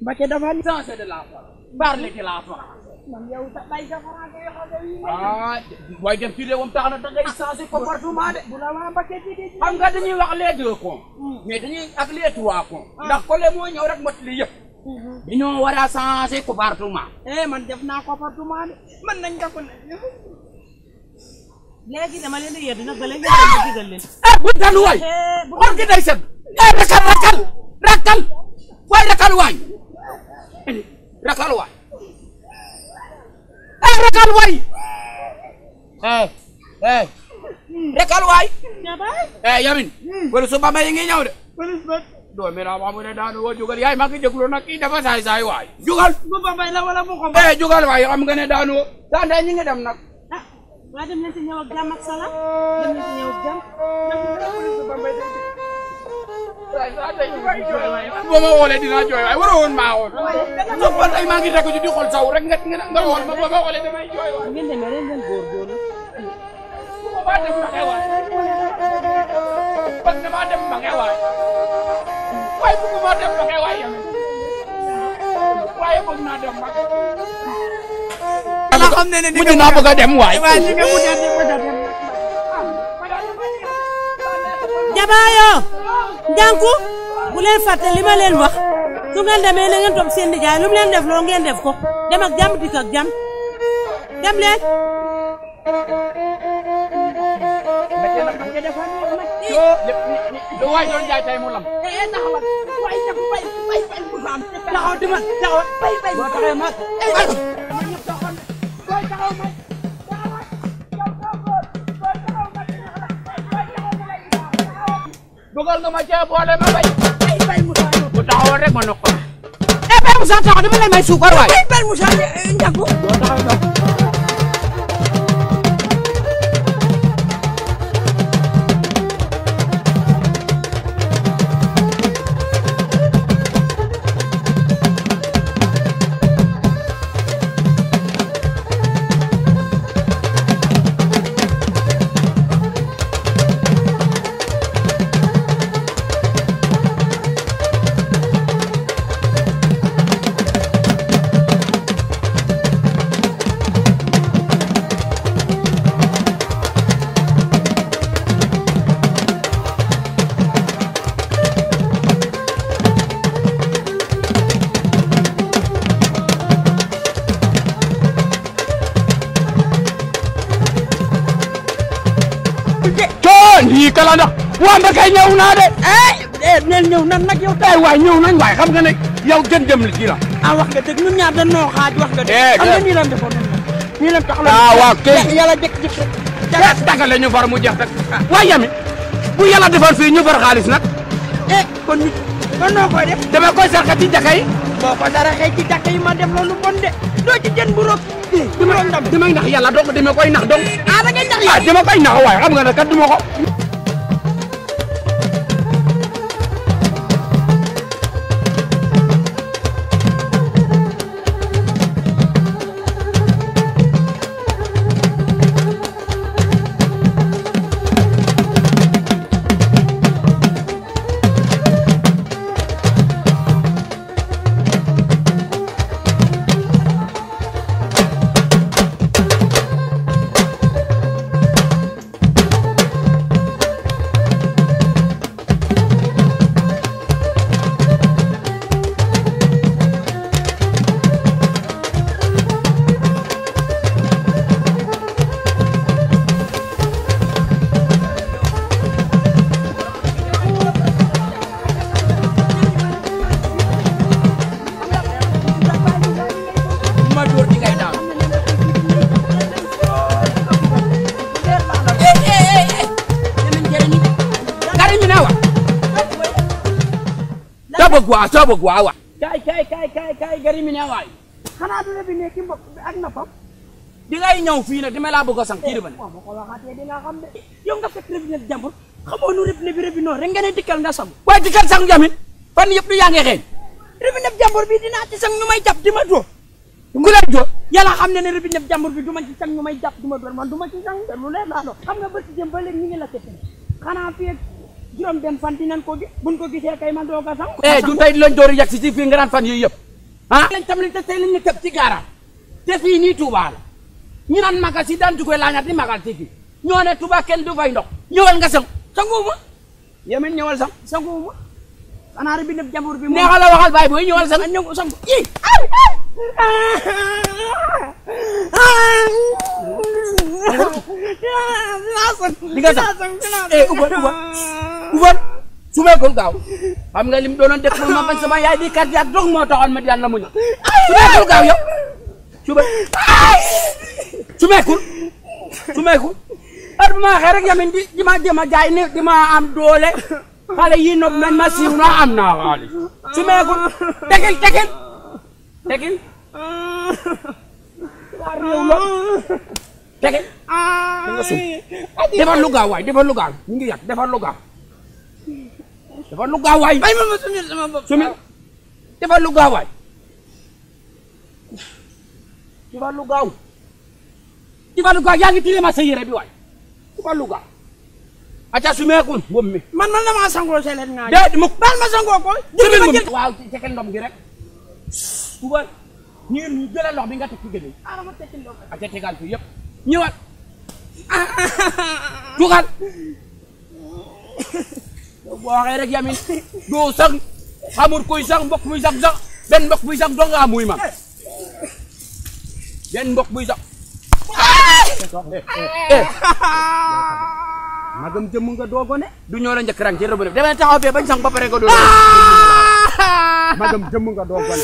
Mbakke dafa. sensé de la forêt. barle de la forêt. man yow bay defaral nga yoo xam ah, waaye dem fii de moom tax na da ngay changer comportement de. bu la waa Mbacké di di xam nga dañuy wax hmm. mais dañuy ak les trois cons. Ah. ndax collé moo ñëw rek motali yëpp. dañoo hmm. war a changer comportement. eh man def naa comportement de man nañ nga ko ne. léegi dama leen di yedd nag ba léegi leen. eh bu dal waay. Eh, xol gi day set. Eh, ah rekal waay. eh eh rekal waay. eh Yamin. wala hmm. su bambaye ngi ñëw de. doon mi naa ma ne daanu woo jugal yaay maa ngi jéglu nag kii dafa saay saay jugal bu jugal waay xam nga ne daan ah, waa dem nañ si ñëw ak jàmm ak salaam dem nañ boo ma woolee dinaa jooy waaye waroo woon maa woon. nga xool tey maa ngi tegu ci di xool saw rek nga nga woon ma boo ma woolee damay jooy waay. ngeen demee ren ngeen góorgóorlu. maa dem ma xewaay. parce que maa dem ma xewaay. waaye bëgg maa dem ma xewaay yow. waaye bëgg naa dem ma. xam ne ne mujj naa bëgg a dem waay. jabaayoo janku bu leen fàtte li ma leen wax su ngeen demee na ngeen topp seen nijaay lu mu def loo ngeen def ko dem ak jàmm dikk ak Jam dem leen. lu waay doon jaay tey mu lam. waaye nag bay bay bay mu am. taxaw di dugal nga ma cee boole ma bay. ay bay Moussa ñëw bu taxawoon rek ma noq ko. eh bay Moussa taxaw dama lay may suukar waay. waa Mbakay ñëw naa de. Eh, eh neen ñëw nan nag yow. tey waay ñëw nañ waay xam nga ne yow gën jëm li ci la. ah wax nga dëgg ñun ñaar dañ noo xaaj wax nga dëgg. Eh, am na nii lan defoon ah, yàlla jékki-jékki rek. jaga dagale ñu far mu jeex rek. waaye yami bu yàlla defoon fii nag. Eh, kon nit kon noo koy def. dama koy saraxe ko saraxee ci jaka yi ma def loolu bon de doo ci jën bu rog. bu rog ndam damay nax yàlla dong dama koy nax dong. ah da ngay nax ah, yàlla ah dama koy waaye xam nga ne kat duma ko gwasa ba gwawa kai kai kai kai kai gari min yawai kana dole bi ne kin ak na fam di ngay ñew fi nak dima la bëgg sank ci dibane ko la xaté di nga xam de yow nga fekk rebi nak jambur xamoo nu rib rebi no rek nga ne dikkal nga sam way dikkal jamin fan yëpp du yaa ngi rebi nak jambur bi dina ci sang ñu may japp dima do ku lay do yalla xam ne rebi nak jambur bi duma ci sang ñu may japp dima do man duma ci lu la do xam nga jëm ba leg ñi ngi la xana fi juróom benn fan dinañ ko gis buñ ko gisee kay ma doog a sax. eh du tey lañ si fii nga fan yii yëpp ah. lañ tam lañ te tey lañ ñu te fii nii Touba la ñu naan magal si daan duggee laañaat di magal ci fii ñoo ne Touba kenn du fay ndox ñëwal nga sang sanguwuma yéen it ñëwal sang sanguwuma xanaa rek bi nëb jàmbur bi. neexal la waxal bàyyi booy ñëwal sang ñëw sangu. li nga sax eh gaaw xam nga lim doonoon def ma bañ yaay di kàddu ak dog moo taxoon ma di yàlla muñu su meekul gaaw yow su be su meekul su meekul ma waxee rek yamin di di ma di jaay ne di ma am doole xale yii nopp nañ ma siiw naa am naa xaalis su meekul tegil tegil tegil. waaw réew la. Take it. Ay, Devon, look away. Devon, look away. Hindi yan. Devon, look away. Devon, look away. Ay, mama, sumil. Sumil. Devon, look away. Devon, look away. Devon, look away. Yang itili masayira biwai. Devon, look away. Acha sumil kun. Bumi. Man, man na mga sanggol sa ilan nga. Dad, muk. Man, masanggol ko. Sumil bumi. Wow, chicken dom girek. Tuwan. Ngayon, dala lobi nga tekigin. Ara mo tekin lobi. Acha tekan ko, yep. nyuat bukan buang erek yamin dosang hamur kuisang bok kuisang, dong ben bok kuisang dong kamu imam ben bok kuisang, eh magam jemung dua gue ne dunia orang jek rang ci rebu dama taxaw be sang ba pare ko do magam jemung ka dogo ne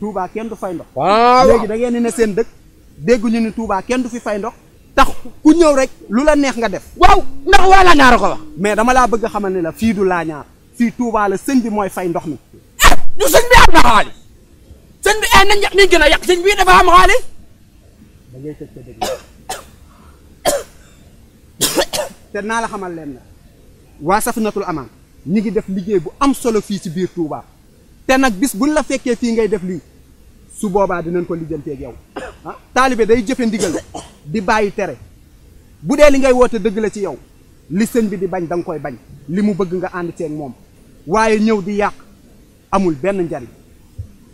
Touba kenn du fay ndox. waaw léegi da ngeen ne seen dëkk dégguñu ni tuubaa kenn du fi fay ndox. tax ku ñëw rek lu la neex nga def. waaw ndax waa Laañaar a ko mais dama laa bëgg a xamal ne la fii du laa ñaar fii Touba la sëñ bi mooy fay ndox mi. Eh, du sëñ bi am na xaalis sëñ bi ay eh, nañ nañ gën a yàq sëñ bi dafa am xaalis. te naa la xamal leen na waa Safinatul Amaan ñi ngi def liggéey bu am solo fii si biir Touba. te nag bis buñ la fekkee fii ngay def lii su boobaa dinañ ko lijjanteeg yow ah taalibe day jëfe ndigal di bàyyi tere bu dee li ngay woote dëgg la ci yow li sëñ bi di bañ da nga koy bañ li mu bëgg nga ànd ceeg moom waaye ñëw di yàq amul benn njariñ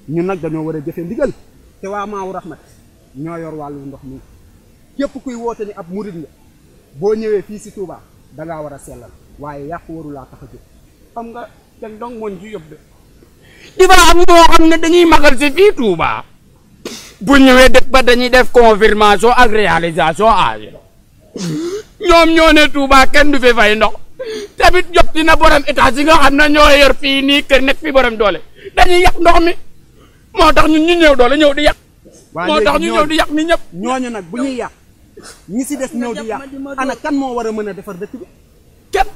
ñun nag dañoo war a jëfe ndigal te waa Maawu Rahmat ñoo yor wàllu ndox mi képp kuy woote ni ab murid la boo ñëwee fii si Touba da war a sellal waaye yàq waru laa tax a jóg xam nga dang dong moon ji yóbbu ba am ñoo xamne dañuy magal ci fi Touba bu ñewé dëkk ba dañuy def confirmation ak réalisation âge ñom ñone Touba kenn du fi fay ndox tamit jot dina borom état yi nga xam ño yor fi ni keur nek fi borom doole dañuy yak ndox mi motax ñun ñu ñew doole ñew di yak motax ñu ñew di yak ni ñep ñoñu nak bu ñuy yak ñi ci def ñew di yak ana kan mo wara mëna defar dëkk bi kenn.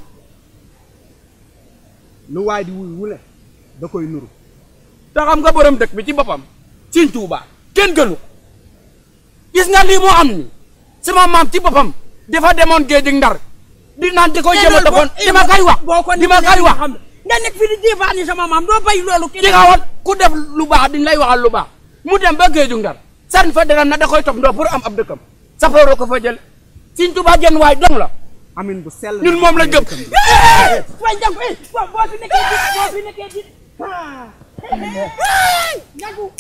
lu way di wuy wule da koy nuru da xam nga borom dekk bi ci bopam Sëñ Tuuba ken gënu gis nga li mo am ni sama mam ci bopam defa demone géej gi ndar di nan di ko jëma defoon eh, di ma wax dima kay wax nga nek fi di jéefaani sama mam do bay lolu ki nga wax ku def lu baax diñ lay waxal lu baax mu dem ba géeju ndar san fa dara na da koy top ndo pour am ab sa safooroo ko fa jël Sëñ Tuuba jën way dom la amin bu sel ñun mom la gëm way jang fi bo fi nekk dit fi nekkee jànku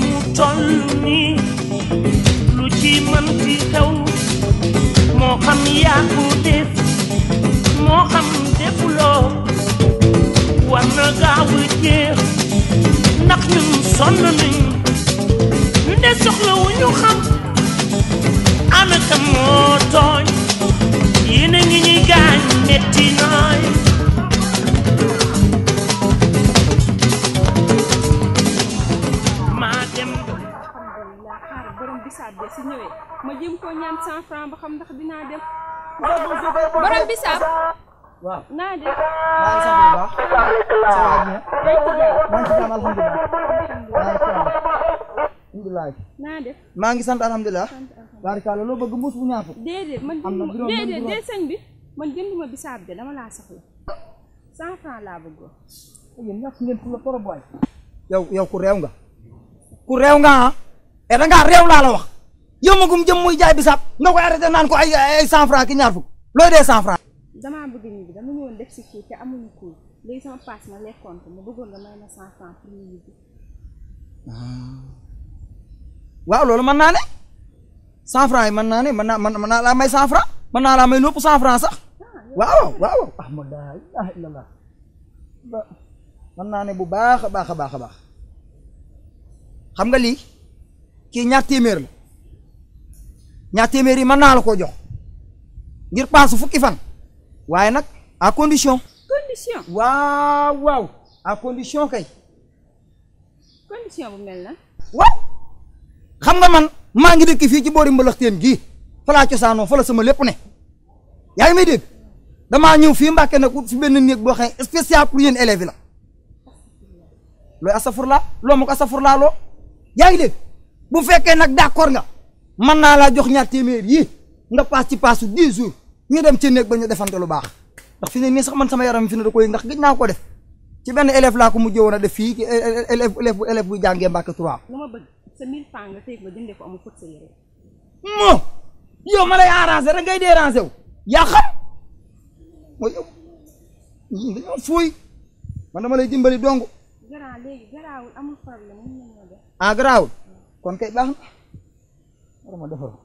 mu toll nii lu ci xew moo xam yaa ko def moo xam defuloo war na gaaw a jeex ñun sonn nañu nde soxla wu ñu xam amaka kamu tooñ ini a ngi ñuy gaañ metti nooy maa dem alhamdulilah xaar borom bisaab de si ñëwee ma jëm koo alhamdulillah naa def maa ngi sant alhamdulillah barkaala loo bëgg mbuus bu ñaafu déedéet man déedéet déedéet sëñ bi man jënduma bisaab de dama laa soxla cent francs laa bëggoon yéen ñàkk ngeen fu la torop waay yow yow ku réew nga ku réew nga ah e da ngaa réew laa la wax yow magum jëm muy jaay bisaab nga koy arrêté naan ko ay ay cent francs ki ñaar fukk looy dee cent francs damaa bëgg ñibbi dama ñëwoon def si kii te amuñu kii léegi sama paas ma lekkoon ko ma bëggoon nga may ma cent francs pour ñu waaw loolu mën naa ne mana franc yi mën naa ne mën naa mën naa laa may safra franc eh, mën naa laa may lépp safra sax waaw waaw ahmad mana ilaha illallah mën naa ne bu baax a baax a baax a baax xam nga lii kii ñaar téeméer la ñaar téeméer yi mën naa la koo jox ngir paasu fukki fan waaye nag à condition condition waaw waaw à condition kay condition bu mel na waaw xam nga man ma ngi dëkk fi ci boori mbalaxteen gii fa laa cosaanoo fa la sama lepp ne yaay may dégg dama ñew fi Mbàkke nak ci ben néeg bo xey spécial pour yeen élève yi la looy asafurlaa loo ma ko asafur la lo yaay dégg bu fekkee nak d'accord nga man na la jox ñaar témèr yi nga pass ci passu 10 jours ñu dem ci néeg ba ñu defante lu baax ndax fi ne nii sax man sama yaram fi ne da koy ndax gëj na ko def ci ben élève la ko mujjee woon def fi élève élève élève bu jàngé Mbàkke 3 sa 1000 francs nga ma jëndee ko amul fóot sa yow ma lay arrangé rek ngay déranger wu yaa xam mooy yow dañoo fuuy dimbali dong. garaaw léegi garaawul amul ah, kon kay baax ma defaroon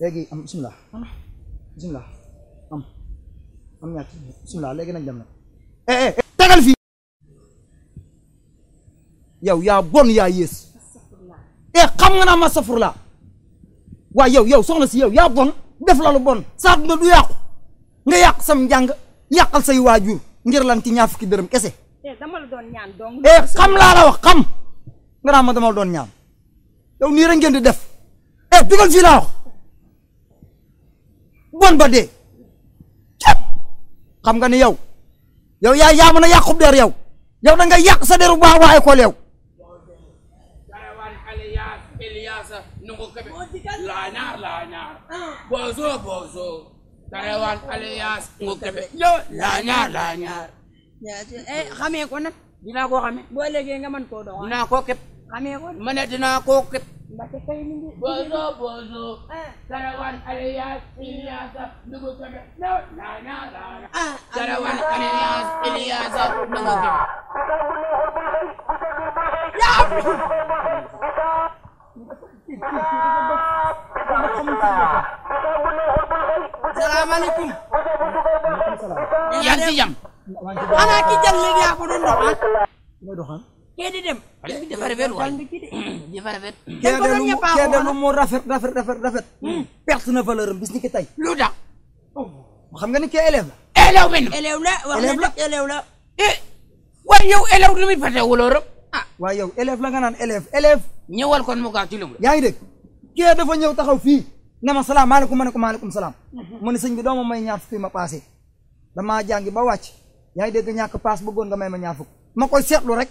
léegi am am am ñaar bisimilah nag dem na. Eh, eh eh tegal fii yow yaa bon yaa yées. Kamu eh, xam nga na ma safur la wa yow yow soxna si yow ya bon def la lu bon sa àdduna du yaq nga yaq sam jang, yaqal say wajur ngir lan ci ki deureum kesse e eh, dama la doon ñaan dong. Eh, xam la la wax xam nga na ma dama la doon ñaan def eh dugal fii la wax bon ba de xam nga ni yow yow ya yaa mën yaqub der yow yow da nga yaq sa deru lanar lanar bozo bozo Tarawan alias Mugtabi. Yo, lanyar, lanyar. Eh, kami ko na. Dinako kami. Buwaligay nga man ko doon. Dinako kip. Kami ko. Mana dinako kip. Baca kayo ini. Bozo, bozo. Tarawan alias Ilyasa Mugtabi. Yo, lanyar, lanyar. Tarawan alias Ilyasa Mugtabi. Ya! salaamaaleykum yaa ngi ci jàmm xanaa ki jàng léegi yaa ko doon doxaan kee di dem dafa rafet waay dafa rafet kee de lu mu rafet rafet rafet rafet perte na valeur am bis ni ki tey oh. kan eh waaye yow élève lu muy fàtte wala ah waaw yow élève la nga nan élève élève ñewal kon mu gaaw ci lum yaay ngi dégg dafa ñew taxaw fi nama salam salaamaaleykum ma ne ko maaleykum mu ne señ bi dooma may ñaar fi ma passé dama jangi ba wàcc yaa ngi ñak pass bu bëggoon nga may ma ñaar fuk ma koy seetlu rek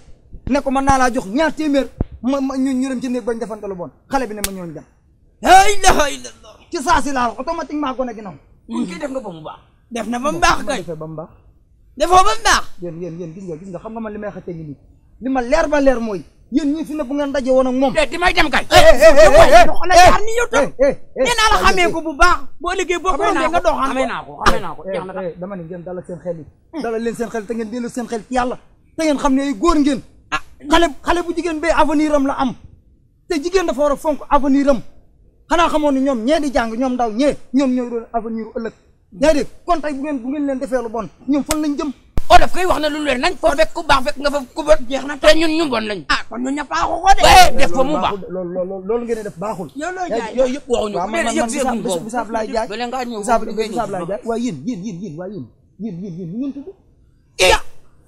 ne ko man na la jox ñaar téeméer ñu ñu dem ci neeg bañ defantalu bon xalé bi ne ma ñooñ dem la ilaha illallah ci saasi la laa wax automatiquement gone gi nam mun kii def nga ba mu ba def na ba mu baax kay defee ba mu baax defoo ba mu baax yeen yeen yeen gis nga gis nga xam nga man limay xatte ni li ma leer ba leer mooy yéen ñii fi ne bu ngeen daje woon ak moom. te eh, di may dem kay. Eh, eh, xoolal jaar ni yow tam. nee naa la xamee ko bu baax. boo liggéey boo ko xamee nga doxaan xamee naa ko xamee naa dama ne ngeen dalal seen xel yi. dalal leen seen xel te ngeen dellu seen xel ci yàlla te ngeen xam ne ay góor ngeen. ah xale bu jigéen bee avenir am la am te jigéen dafa war a fonk avenir am xanaa xamoon ne ñoom ñee di jàng ñoom ndaw ñee ñoom ñooy doon ëllëg. kon tey bu ngeen bu ngeen leen defee lu bon ñoom fan lañ jëm olof koy wax na lu leer nañ ko fekk ku baax fekk nga fa ku bon jeex na te ñun ñu bon lañ ah kon ñun ña baaxu ko de waaye def ko mu baax loolu ngeen def baaxul yow looy jaay yooyu yëpp waxuñu ko mais yëpp seeguñ ko bisaab laay jaay bale ngaa ñëw bisaab laay jaay waaye yéen yéen yéen yéen waaye yéen yéen yéen yéen yéen tudd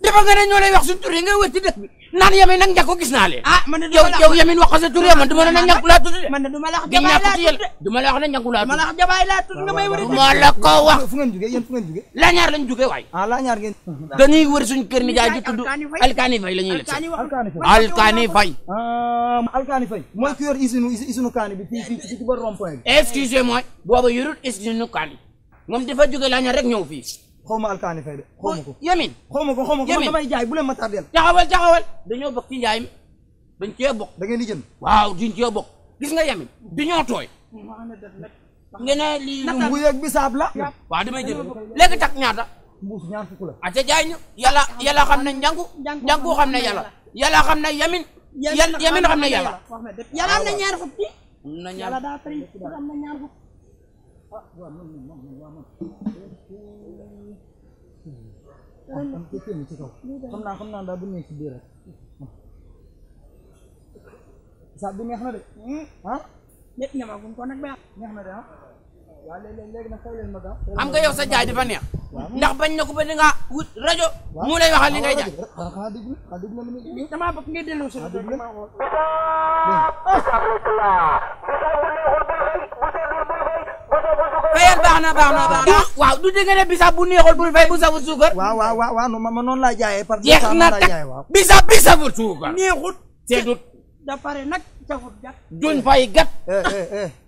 dafa nga ne lay wax suñ tur nga wëti def nan yamé nak ñako gis na lé ah man yow yow yamin wax ko sa tur yow man duma la ñàkk laa tudd man duma la wax jabaay la tudd duma la wax ne ñàkk laa tudd duma la wax jabaay la tudd nga may wëri mo la ko wax fu ngeen jugé yeen fu ngeen jugé la ñaar lañ jugé way ah la ñaar ngeen dañuy wër suñu kër ni jaay ji tudd alkani fay lañuy lëcc alkani fay ah alkaani fay mooy ku isinu isinu kani bi fi fi ci ba rond point excusez moi bobu yurut isinu kani mom difa jugé la ñaar rek ñëw fi xaw ma alkaani fay de xaw ma ko yamin xaw ma ko xaw ma ko man damay jaay bu leen ma tardeel jaxawal jaxawal dañoo bokk ci njaay mi dañ cee bokk da ngeen di jënd waaw duñ cee bokk gis nga yamin bi ñoo tooy nga ne lii bu yeeg bisaab la waaw damay jënd léegi tak ñaata mbuus ñaar fukk la aca jaay ñu yàlla yàlla xam ne njàngu njàngu xam ne yàlla yàlla xam ne yamin yamin xam ne yàlla yàlla am na ñaar fukk na ñaar yàlla daa tari am na ñaar fukk man ci naa xam naa daal bu nekk ci biir rek saab bi neex na de hmm? ah nekk na ma gum ko nag baax neex na de ah waaw léeg-léeg léegi nag kaw bañ na ko ba dangaa wut rajo mu lay waxal li jaay fayal baax na baax na baax na waaw du dégg ne bisaab bu neexul bul bu saful suukar. waaw waaw waaw waaw non man laa jaayee. parce que sax laa jaayee waaw bisaab bi saful suukar. neexut. te du da pare nag saful gat. duñ fay gat.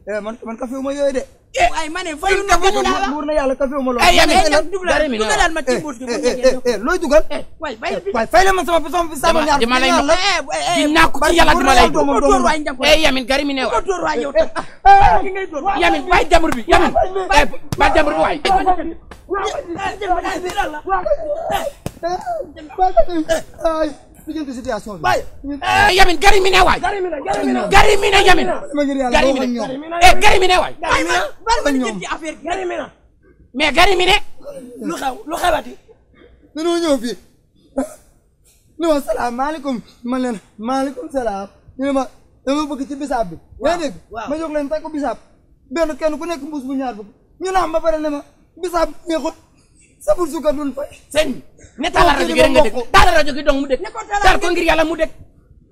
man man café wu ma yooyu de. waaye ma ne fayu na ko la wóor na yàlla café wu ma loolu. ay dugalal ma ci mbuus gi looy dugal. waay fay la ma sama sama sama ñaar. dama lay ma dinaa ko ci yàlla dama lay doon. eh Yamin gari mi ne wa. Yamin bàyyi jàmbur bi Yamin bàyyi jàmbur bi waay. waaw lijjanti situation bi waaye. Eh, yamin gari mi ne waay. gari mi ne gari mi ne gari mi ne yamin. gari mi ne eh, gari mi ne waay. gari mi ne bal ma lijjanti gari mi ne. mais gari mi ne. lu xew lu xewati. dañoo ñëw fii ne ma salaamaaleykum man leen maalekum salaam ñu ne ma dama bëgg ci bisaab bi. waaw dégg ma jox leen takku bisaab benn kenn ku nekk mbuus bu ñaar bëgg ñu naan ba pare ne ma bisaab neexut. sa bur suukar duñ fay. sëñ ne taal rajo gi rek nga dégg taal rajo gi dong mu dégg. ne taal ko ngir yàlla mu dégg.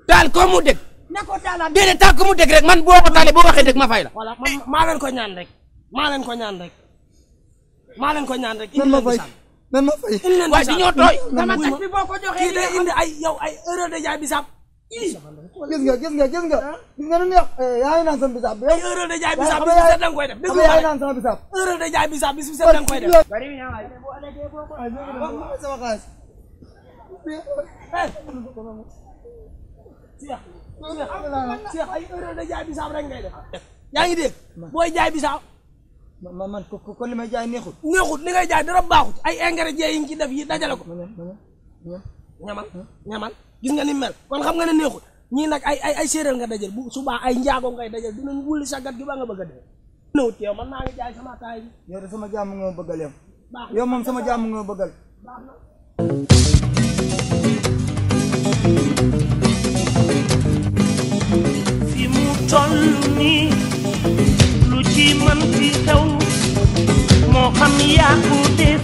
taal ko mu dek ne ko taalaat déedéet taal ko mu dégg rek man boo ko taalee boo waxee dégg ma fay la. voilà man maa leen ko ñaan rek. maa leen ko ñaan rek. maa nan ma fay nan ma fay. waaye di ñoo tooy. sama tax bi boo ko joxee kii day indi ay yow ay heure de jaay bisaab gis nga gis nga gis nga ah. gis nga nu neex eh, yaa ngi naan sama bisaab bi yow heure de jaay bisaab bis bu set danga koy def dëgg yaa ngi naan sama bisaab heure de jaay bisaab bis bu set danga koy def sama xaalis Seex ay heure eh. de jaay bisaab rek ngay def yaa ngi dégg booy jaay bisaab man man ko ko li may jaay neexut neexut li ngay jaay dara baaxut ay ingrédients yi ngi ci def yi dajale ko ñamal ñamal gis nga ni mel kon xam nga ne neexul ñi nak ay ay ay séeréer nga dajal bu suba ay njaago ngay dajal dinañ wulli sagat gi ba nga bëgg def dee nëwut yow man maa ngi jaay sama taay yow sama jamm nga bëggal yow yow mom sama jamm nga bëggal fi mu tollu ni lu ci man ci xew moo xam yaa ko def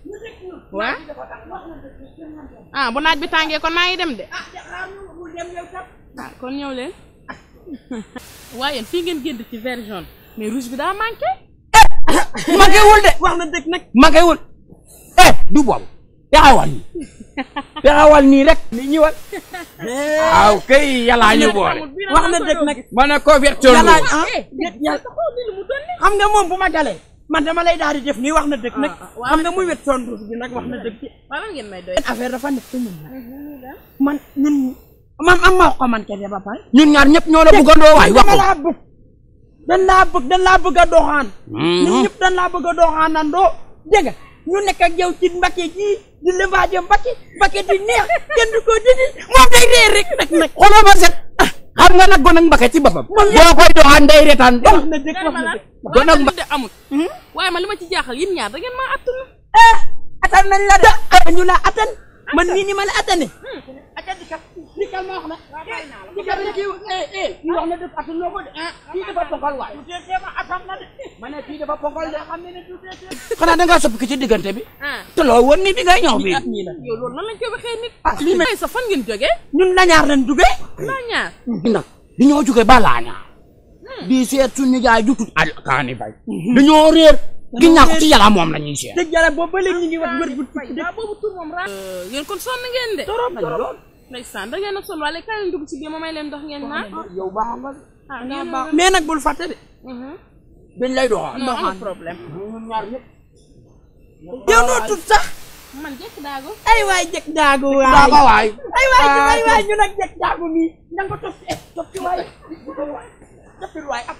waa ah bu naaj bi tàngee kon maa ngi dem de ah kon ñëw leen waaye yéen fii ngeen génn ci vert jaune mais rouge bi daa manqué manquéwul de wax na dëgg nag manquéwul eh du boobu pexewal nii pexewal nii rek ni ñëwal waaw kay yàllaa ñu boole wax na dëgg nag ma ne ko vert jaune yàlla xam nga moom bu ma galee man dama lay daal di def nii wax na dëgg nag. Ah, ah, xam nga muy wet tontu bi nag wax na dëgg. waaw ngeen may doy. affaire dafa nekk ci mhm, man man am ma ko man kese ba pare. ñun ñaar ñëpp ñoo la bëggandoo waay wax ko laa bëgg. dañ laa bëgg dañ bëgg a doxaan. Mhm. ñun ñëpp dañ bëgg a doxaanandoo dégg nga ñu nekk ak ci Mbacké jii di levage Mbacké Mbacké di neex kenn du ko dindi moom day réer rek nag nag xooloo ba set. war nga na gonag mbake ci boppam. boo koy doxaan day retaan. dox na dëkk wax na dëkk gonag mbake amul. Hmm? waaye man ma ci jaaxal yéen ñaar da ngeen maa attan. Eh, attan nañ la de ah, ñu la attan. man nii ma la attane. di kal ma wax na. di kal kii eh eh kii wax na dëgg at noo ah. ci diggante bi. Ah. te loo woon ni bi ngay ñëw bii. yow loolu ah, sa fan ngeen jógee. ñun la ñaar lañ jógee. la ñaar. Mm-hmm. ndax di ñoo jógee ba la ñaar. di hmm. seet suñu jaay jutut. ay kaani bay. Mm-hmm. dañoo réer. ginnaaw ko ci yàlla moom la ñuy seet. dëgg yàlla ba léegi ñu ngi wax wër bu tukki de. boobu tur moom ra. Eh, yéen kon sonn ngeen de. torop torop ndeysaan da ngeen a sonn waaye kaay leen ci biir ma leen ndox ngeen naan. yow baax nga nga baax mais nag bul fàtte de. dañ lay doxal. non amul problème. yow sax. man ay ay ay ñu ci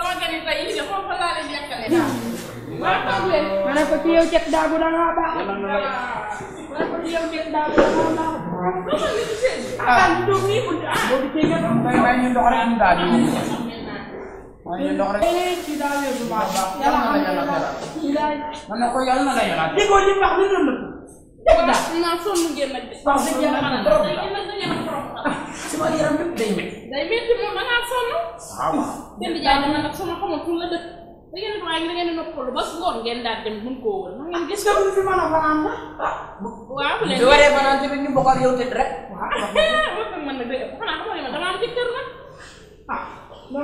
sama gani tay yi dafa fa non soo mu ngeen nag day day moom da ngaa sonn. waaw waaw. kenn jaay na nag sama xamal pour la dëkk. da ngeen di waaye da ba ngoon ngeen daal mun koo wër. ngeen gis ko fi mën a fanaan la. waaw bu leen waree fanaan tamit ñu bokkal yow tëdd rek. ma dama am jëkkër nag. ah loo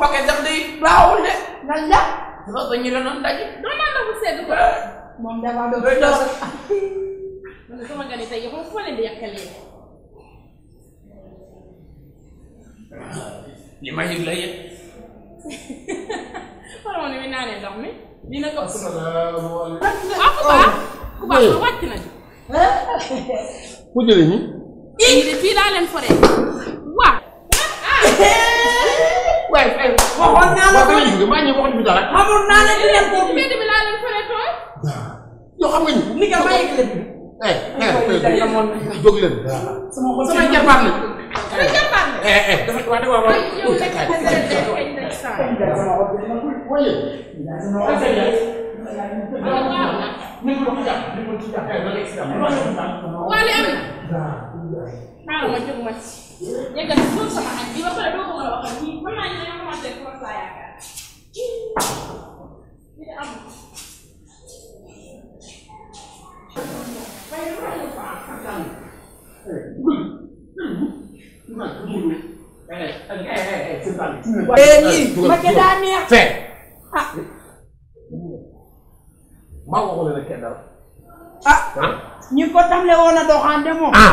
ba jàmm. de. lan la. dafa ba ñu la doon daje. non non non bu sedd ko. moom damaa doon doon doon. man de sama gan yi tey yow fu ma leen di yàqalee. li ma yëg la yëg. wala ma ne mi naanee ndox mi. dina ko. asalaamaaleykum. ah Kuba. Kuba ma ah. wàcc na. ku jëlee ñi. fii laa leen foree. waaw. Ah. waxoon naa la ko de maa ñëw waxuñu dara. xamul naa la ñu leen ko. mbedd bi laa leen fële tooy. yoo xam nga ñu. Eh, eh, ni nga bàyyi la bi. eh eh jóg leen. sama xol sama jarbaat la. sama jarbaat la. eh eh, eh dafa wax dëgg waaw. yow rek nga jël rek ay ndeysaan. waaw waaw. waaw li am na. waaw ma jóg ma ci. yeggal suuf sama añ bi ba pare doo ko mën a waxal ñii mën ko eh, eh, eh, am Maguette daa ah. a ah. doxaan moom. Ah,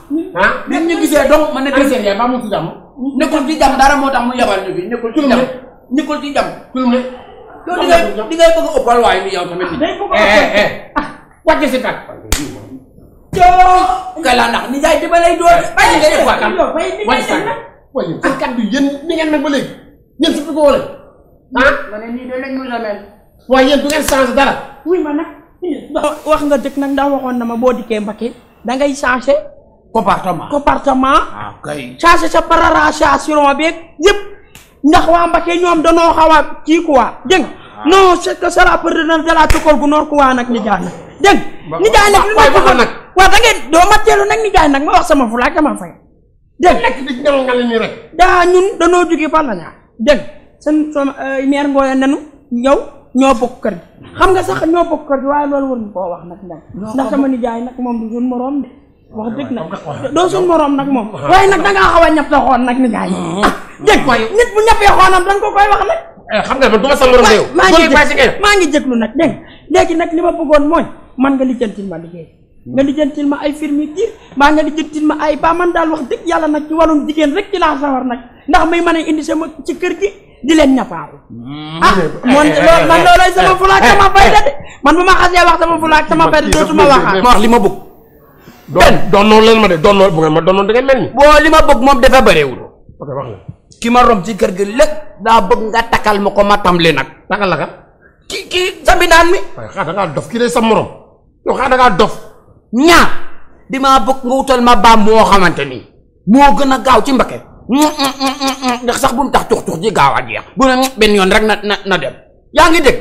ah bi ñu gisee donc man nekkul seen yaay ba mu ci jàmm. nekkul ci jàmm dara moo tax mu yabal ñu fi nekkul ci jàmm a bi yéen ni ngeen mel ba léegi yéen su ko wala ah. ma ne nii a mel. waaye yéen wax nga dëgg nag ndax waxoon na ma boo dikkee Mbakke da ngay changé. Kopartama, Kopartama, Okay. Ça c'est sa par association yep. ndax wa mbaké ñom dañoo xawa ci quoi deng non c'est que ça président de la tokol gu nor quoi nak deng ni nak nak wa da ngeen do sama fula dama fay deng nak di ngal ngal ni rek da ñun la ñaar deng sen sama maire ngoya ñew bokk kër xam nga sax bokk kër sama nijaay nak mom du wax dëgg nag doo suñ morom nag moom waaye nag da ngaa xaw a ñëpp sa xoon nag ni gars yi ah dégg ko nit bu ñëppee xoonam dañ ko koy wax nag eh, xam nga man du ma sa maa ngi maa ngi jëglu nag dégg léegi nag li ma bëggoon mooy man nga lijjantil ma liggéey mm-hmm. nga lijjantil ma ay fermeture mbaa nga lijjantil ma ay ba man daal wax dëgg yàlla nag ci wàllum jigéen rek ci laa sawar nag ndax may mën a indi see ma ci kër gi di leen ñappaaru mm-hmm. ah eh, man eh, loolu man loolooy sama fulaak sama fayda de man bu ma xasee wax sama fulaak sama fayda dootuma waxaat li ma bëgg ben donno len ma de donno bu ngeen ma donno da ngeen melni bo lima bëgg mom dafa bari wul ok wax la ki ma rom ci kër gi lepp da bëgg nga takal mako ma tamle nak takal la ka ki ki zambi naan mi xa da nga dof ki lay sa morom yo xa da nga dof ña dima bëgg nga wutal ma bam mo xamanteni mo gëna gaaw ci mbake ndax sax bu mu tax tux tux ji gaaw ak yeex bu ne ben yoon rek na na dem yaa ngi dégg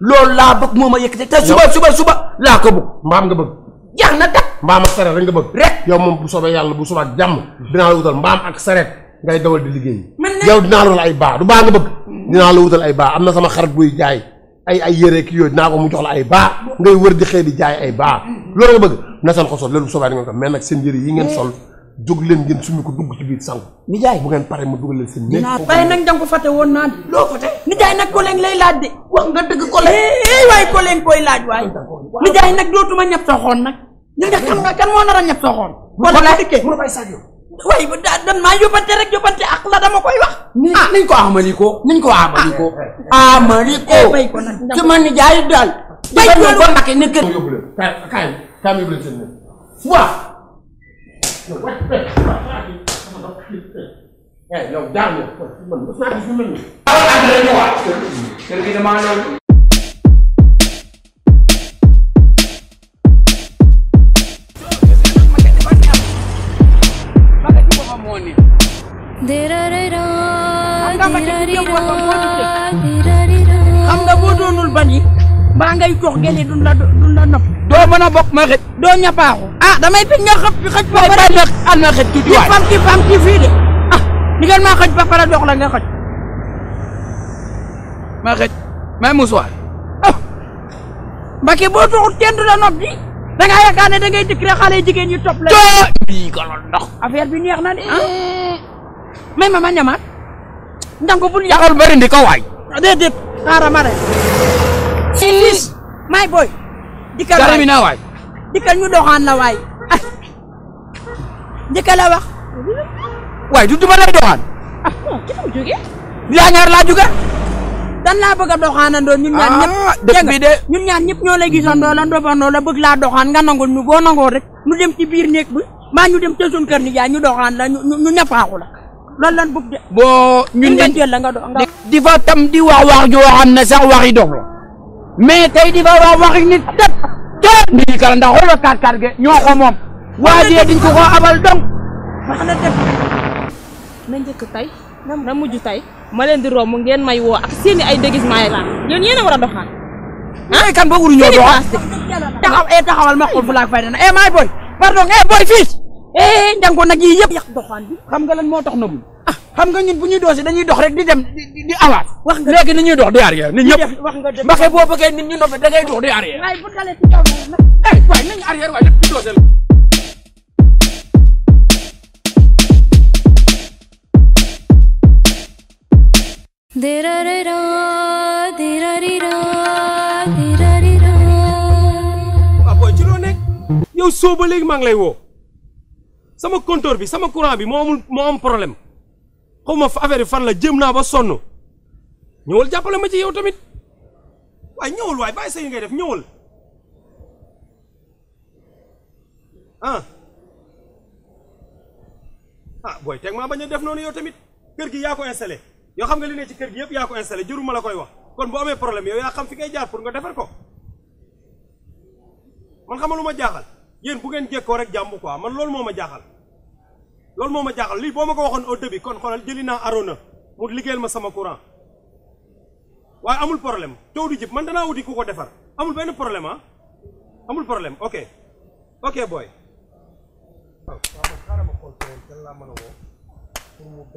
loolu laa bëgg moo ma yëkkati te suba suba suba laa ko bëgg mbaam nga bëgg jeex na tak mbaam ak saret rek nga bëgg. rek yow moom bu soobee yàlla bu subaak jàmm. dinaa la wutal mbaam ak saret ngay dawal di liggéey. yow dinaa la wutal ay baa du baa nga bëgg. dinaa la wutal ay baa am na sama xarit buy jaay ay ay yére ki yooyu dinaa ko mu jox la ay baa ngay wër di xëy di jaay ay baa loolu nga na seen ko sol loolu bu soobee ngeen ko mais nag seen yére yi ngeen sol jóg leen ngeen summi ko dugg ci biir bu ngeen pare ma dugal leen seen néeg. waaye de. loo fàtte nijaay nag ko leen lay laaj de. wax nga dëgg ko leen. Eh, eh, waaye ko leen koy laaj waaye. nijaay xoon nag. ña nga xam nga moo nar a ñëpp soxoon. wala bu dikkee mu bay Sadio. waaye ah. ko amaliko ah. nañ ko amaliko. Ah. amaliko eh, ci eh, man moo neex. xam nga Fatick ba moo dëkk. nga yi jox gële duñ la nopp. doo mën a bokk ma xëj. doo ñapaaxu. ah damay nga xëj xëj. ba pare bay ma ànd ma xëj tuuti waay fam fam ci fii de. Ah, ni ngeen maa ba pare dox la nga xëj. ma xëj may musuwaay. ah Mbacke boo taxut kenn du nopp di. da nga yaakaar da ngay dëkk rek xale jigéen ñu topp la. bii galoon ndox. affaire bi neex na de. may ah. ma ma ñamaat. ndangu bul yàqal bëri ndi ko boy. dikkal waay na waay. dikkal ñu doxaan la waay. njëkk la wax. waay du duma lay doxaan. ah bon ñaar dan laa bëgg a doxaanandoo ñun ñaan ñëpp ah, dëkk bi de ñun ñaan ñëpp ñoo lay gisandoo la ndobandoo la bëgg laa doxaan nga nangul ñu boo nangoo rek ñu dem ci biir néeg bi maa ñu dem ca suñu kër ni jaay ñu doxaan la ñu ñapaaxu la loolu lan bëgg de boo ñun la nga do di fa tam di wax wax joo xam ne sax waxi dof la mais tey di fa wax waxi nit tat tat ndi ndax xoola kaat kaat ge ñoo ko moom waa jee diñ ko ko abal donc na def na mujj tey ma leen di romb ngeen may woo ak seen i ay déguisement yi la yéen yéen a war a doxal. ah kan boobu du ñoo doxal taxaw eh ma xool fu laak fay dana eh maay boy pardon eh boy fii eh njàngoon nag yii yëpp yàq doxaan bi xam nga lan moo tax nagul ah. xam nga ñun bu ñuy da dañuy dox rek di dem di di awaat wax nga léegi ni ñuy dox di arrière nit ñëpp wax nga mbaxe boo bëggee da ngay dox di arrière waay bu dalee ci kaw nag eh waay nañu waaw ah, booy ci loo nekk yow soo ba léegi maa ngi lay woo sama compteur bi sama courant bi moo am problème xaw ma affaire yi fan la jëm naa ba sonn ñëwal jàppale ma ci yow tamit waaye ñëwal waaye bàyyi sa yu ngay def ñëwal ah. ah booy teg maa bañ def noonu yow tamit kër gi yaa ko installé. yo xam nga li ne ci kër gi yépp yaa ko installé jëruma la koy wax kon bu amee problème yow yaa xam fi ngay jaar pour nga defar ko man xam lu ma jaaxal yéen bu ngeen jekkoo rek jàmm quoi man loolu moo ma jaaxal loolu moo ma jaaxal lii boo ma ko waxoon au début kon xoolal jëli naa arona mu liggéeyal ma sama courant waaye amul problème taw du jib man danaa wuti ku ko defar amul benn problème ah amul problème ok ok boy.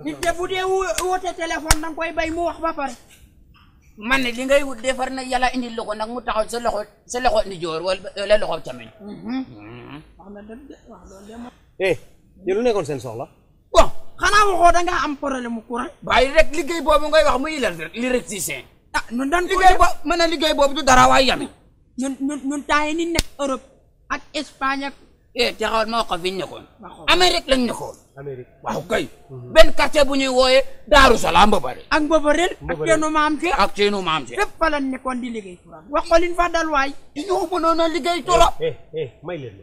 nit de bu dee woote téléphone danga koy bay mu wax ba pare. man ne li ngay wut de defar na yàlla indi loxo nag mu taxaw sa loxo sa loxo ndi joor wala loxo camiñ. Mm-hmm. Mm-hmm. wax na dëgg de wax loolu de moom. eh yéen lu nekkoon seen soxla. bon xanaa waxoo da ngaa am problème mu courant. bàyyi rek liggéey boobu ngay wax muy électricien. ah ñun dañ ko liggéey boobu mën na liggéey boobu du dara waaye yami. ñun ñun ñun temps yi ni nekk Europe ak Espagne ak. eh taxawal ma wax ko fi ñu nekkoon. Amérique lañ nekkoon. Amérique waaw kay. benn quartier bu ñuy wooyee Daaru Salaam Mbabareel. ak Mbabareel ak Ceenu Maam Cheikh. ak Ceenu Maam Cheikh. fépp fa la nekkoon di liggéey. wax ko liñ fa dal waay. ñu ko noonu liggéey eh, torop. Eh, eh, may leen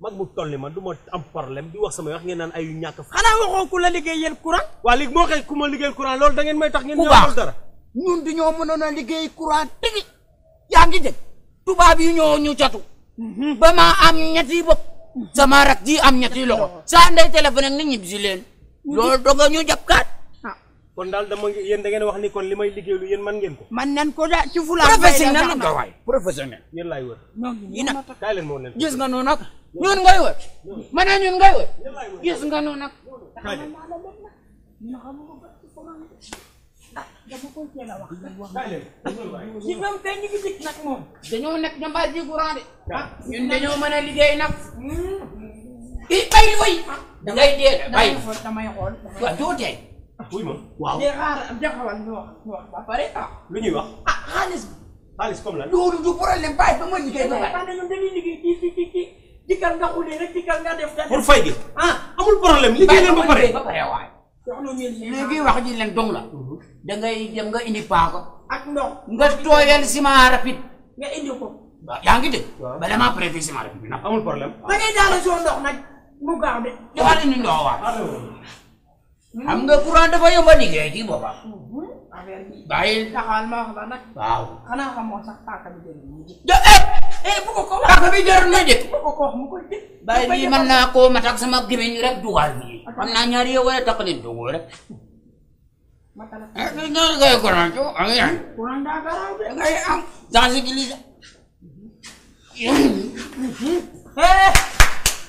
ma mag mu toll man du ma mhm. am problème di wax sama wax ngeen naan ay yu ñàkk. xanaa waxoo ku la liggéeyal courant. waa léegi moo xëy ku ma courant loolu da ngeen may tax. ngeen ñëwal dara ñun du ñoo mënoon a liggéey courant tigi yaa ngi dégg tubaab yi ñoo ñu catu. ba maa am ñetti bopp sama rak ji am ñetti loxo saa ndey téléphone na ñib si leen loolu doga ñu jàpkaat ah. kon daal dama yéen da ngeen wax ni kon li may liggéey lu yéen man ngeen ko man nan ko da ci fula professionnel nan ko waay professionnel yéen laay wër ñi nag kaay leen moo leen gis nga noonu nag ñun ngay wër man na ñun ngay wër gis nga noonu nag dama koy teel a wax. ci ñoom tey ñu ngi dikk nag moom. dañoo nekk ji courant de. ñun dañoo mën a liggéey nag. i bay looy. ngay dee bay damay xool waaw doo tey. wuy ma waaw. mais xaaral ñu wax ñu wax ba pare ah. lu ñuy wax. a xaalis bi. xaalis comme la loolu du problème bàyyi ba ma ba pare. parce que ba pare ba pare waaye. léegi wax ji leen dong la mhm. dangay nga indi paaka ak ndox nga tooyal ciment rapide nga indi ko yaa ngi dégg bala maa prévu ciment rapide bi nag amul problème ba ngay daal soo ndox nag mu gaaw de defal indi ndox waat hmm? xam nga courant dafa yomb a liggéey ci boppam hmm? bàyyi taxawal ma wax la nag waaw xanaa eh bu ko ko wax ak bi jar na jëf ko ko wax mu ko jëf bàyyi lii mën naa koo matak sama gémmiñ rek dugal nii xam naa ñaari yow wala taxali dugul rek Ngayon kayo kurang jo, ang yan. Kurang dagaraw de. Ngayon ang dasi gilis. Eh,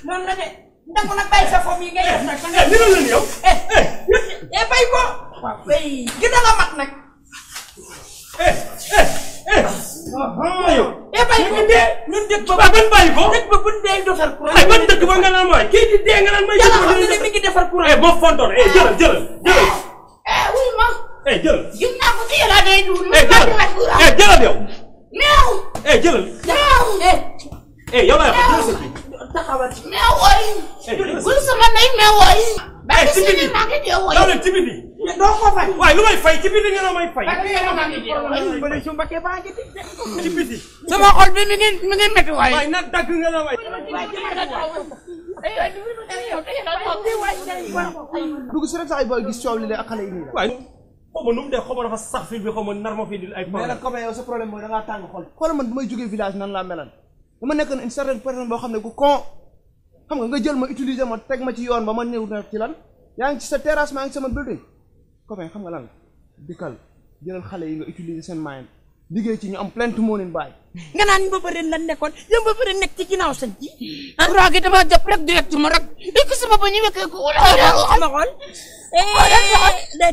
non na de. Hindi ko nagbay sa komi ngayon. Hindi na lang yaw. Eh, eh, eh, bay ko. Bay, ginagamit na. ba ba ban bàyyi ko. dëkk ba bu dee defar courant. ay ban dëkk ba nga naan waay kii di dee nga naan may. yàlla xam na ne mi ngi defar courant. eh boo fontoon eh jëlal jëlal jëlal. eh wuy ma. eh jëlal. gis naa ko si yàlla day dugg. eh jëlal eh jëlal yow. meew. eh jëlal. meew. eh, eh yow laa yor jëlal sa kii. taxawal meew ooy. eh jëlal sa kii sama nay meew ooy. ay eh, ci biti daw leen ci biti. doo ko fay. waay lu may fay ci biti nga may fay. ci biti. sama xol bi mi ngi mi ngi métti waay. waay nag dagg nga la waay. dugg si rek sax ay booy gis coow li de ak xale yi nii la. waay xaw ma nu mu dee xaw ma dafa sax fii bi xaw ma nar ma fii di ay. mais nag comme yow sa problème mooy da ngaa tàng xol. xoolal man bu may jógee village nan laa melan dama nekk une certaine personne boo xam ne ku con xam nga nga jël ma utiliser ma teg ma ci yoon ba ma ñëw na ci lan yaa ngi ci sa terrasse maa ngi sama building comme xam nga lan dikal jëlal xale yi nga utiliser seen moyen liggéey ci ñu am plein to morning bàyyi nga naan Mbaphe ren lan nekkoon yow Mbaphe ren nekk ci ginnaaw sëñ bi. ah raa gi damaa jàpp rek direct rek. dégg nga sama ba ñu wekkee ko. wala wala wala xool. Eh,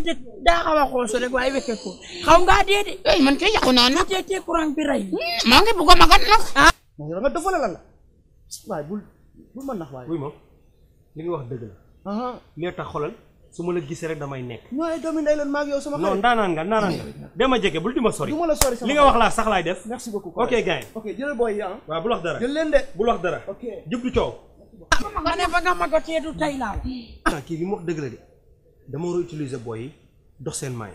a xoosu rek waaye wekkee ko xaw ngaa dee de. eh man kay yàqu naa nag. tey tey courant bi rey. Hmm, maa ngi bugg a magat nag. Ah. nga dofale lan la. waaye bul bul ma nax waaye. oui moom li nga wax dëgg la. mais ah. tax xoolal. su ma la gisee rek damay nekk. waaye doomi ndey loon maa ngi yow sama. xarit non ndaanaan nga ndaanaan nga. dama jege bul di ma sori. li nga wax laa sax laay def. merci beaucoup ok gaay. ok jëlal booy yi ah. waaw bul wax dara jël leen de. bul wax dara. ok jub du coow. ma ne fa nga ma dotee du tey ah, kii bi mu wax dëgg la de dama war a utiliser booy yi dox seen maay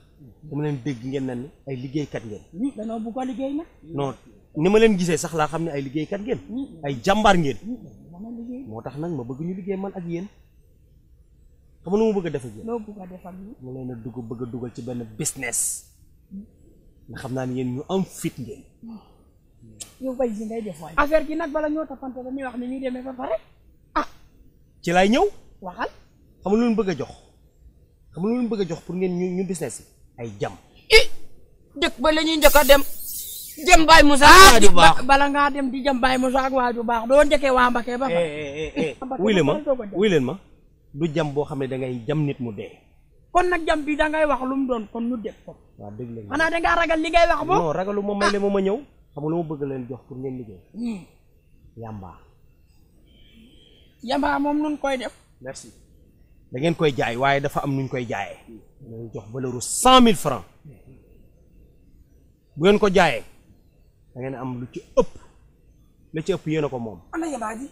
dama leen dégg ngeen nan ay liggéeykat ngeen. oui danoo bëgg a liggéey nag. non ni ma leen gisee sax laa xam ne ay liggéeykat ngeen. ay jàmbaar ngeen. moo tax nag ma bëgg ñu liggéey man ak yéen. xam nga nu ma bëgg a def ak yéen. loo bëgg a def ak ma leen a dugg bëgg a dugal ci benn business. nga xam naa ne yéen ñu am fit ngeen. yow bay si ngay def waaye. affaire gi nag bala ñoo toppante dañuy wax ni ñuy demee ba pare. ah. ci ñëw. waxal. xam nga lu bëgg a jox. xam nga lu bëgg a jox pour ngeen ñu ñu business yi ay jam eh dekk ba la ñëk njëkk dem jam bay musa ak ah, waaju baax bala nga dem di jam bay musa ak waaju baax do ñëkke wa mbake ba pare. Eh, eh, eh, wuy leen ma wuy leen ma du jam bo xamne da ngay jam nit mu dé kon nak jam bi da ngay wax lu mu doon kon ñu def ko. wa deug leen xanaa da nga ragal li ngay wax bo non ragalu mo may ah. le mo ma ñëw xam lu ma bëgg leen jox pour ngeen liggé hmm. yamba. yamba mom nun koy def. merci. da ngeen koy jaay waaye dafa am nuñ koy jaayee dañu jox valeuru cent mille francs bu ngeen ko jaayee da ngeen am lu ci ëpp la ci ëpp yéen ko moom. ana yabaa ji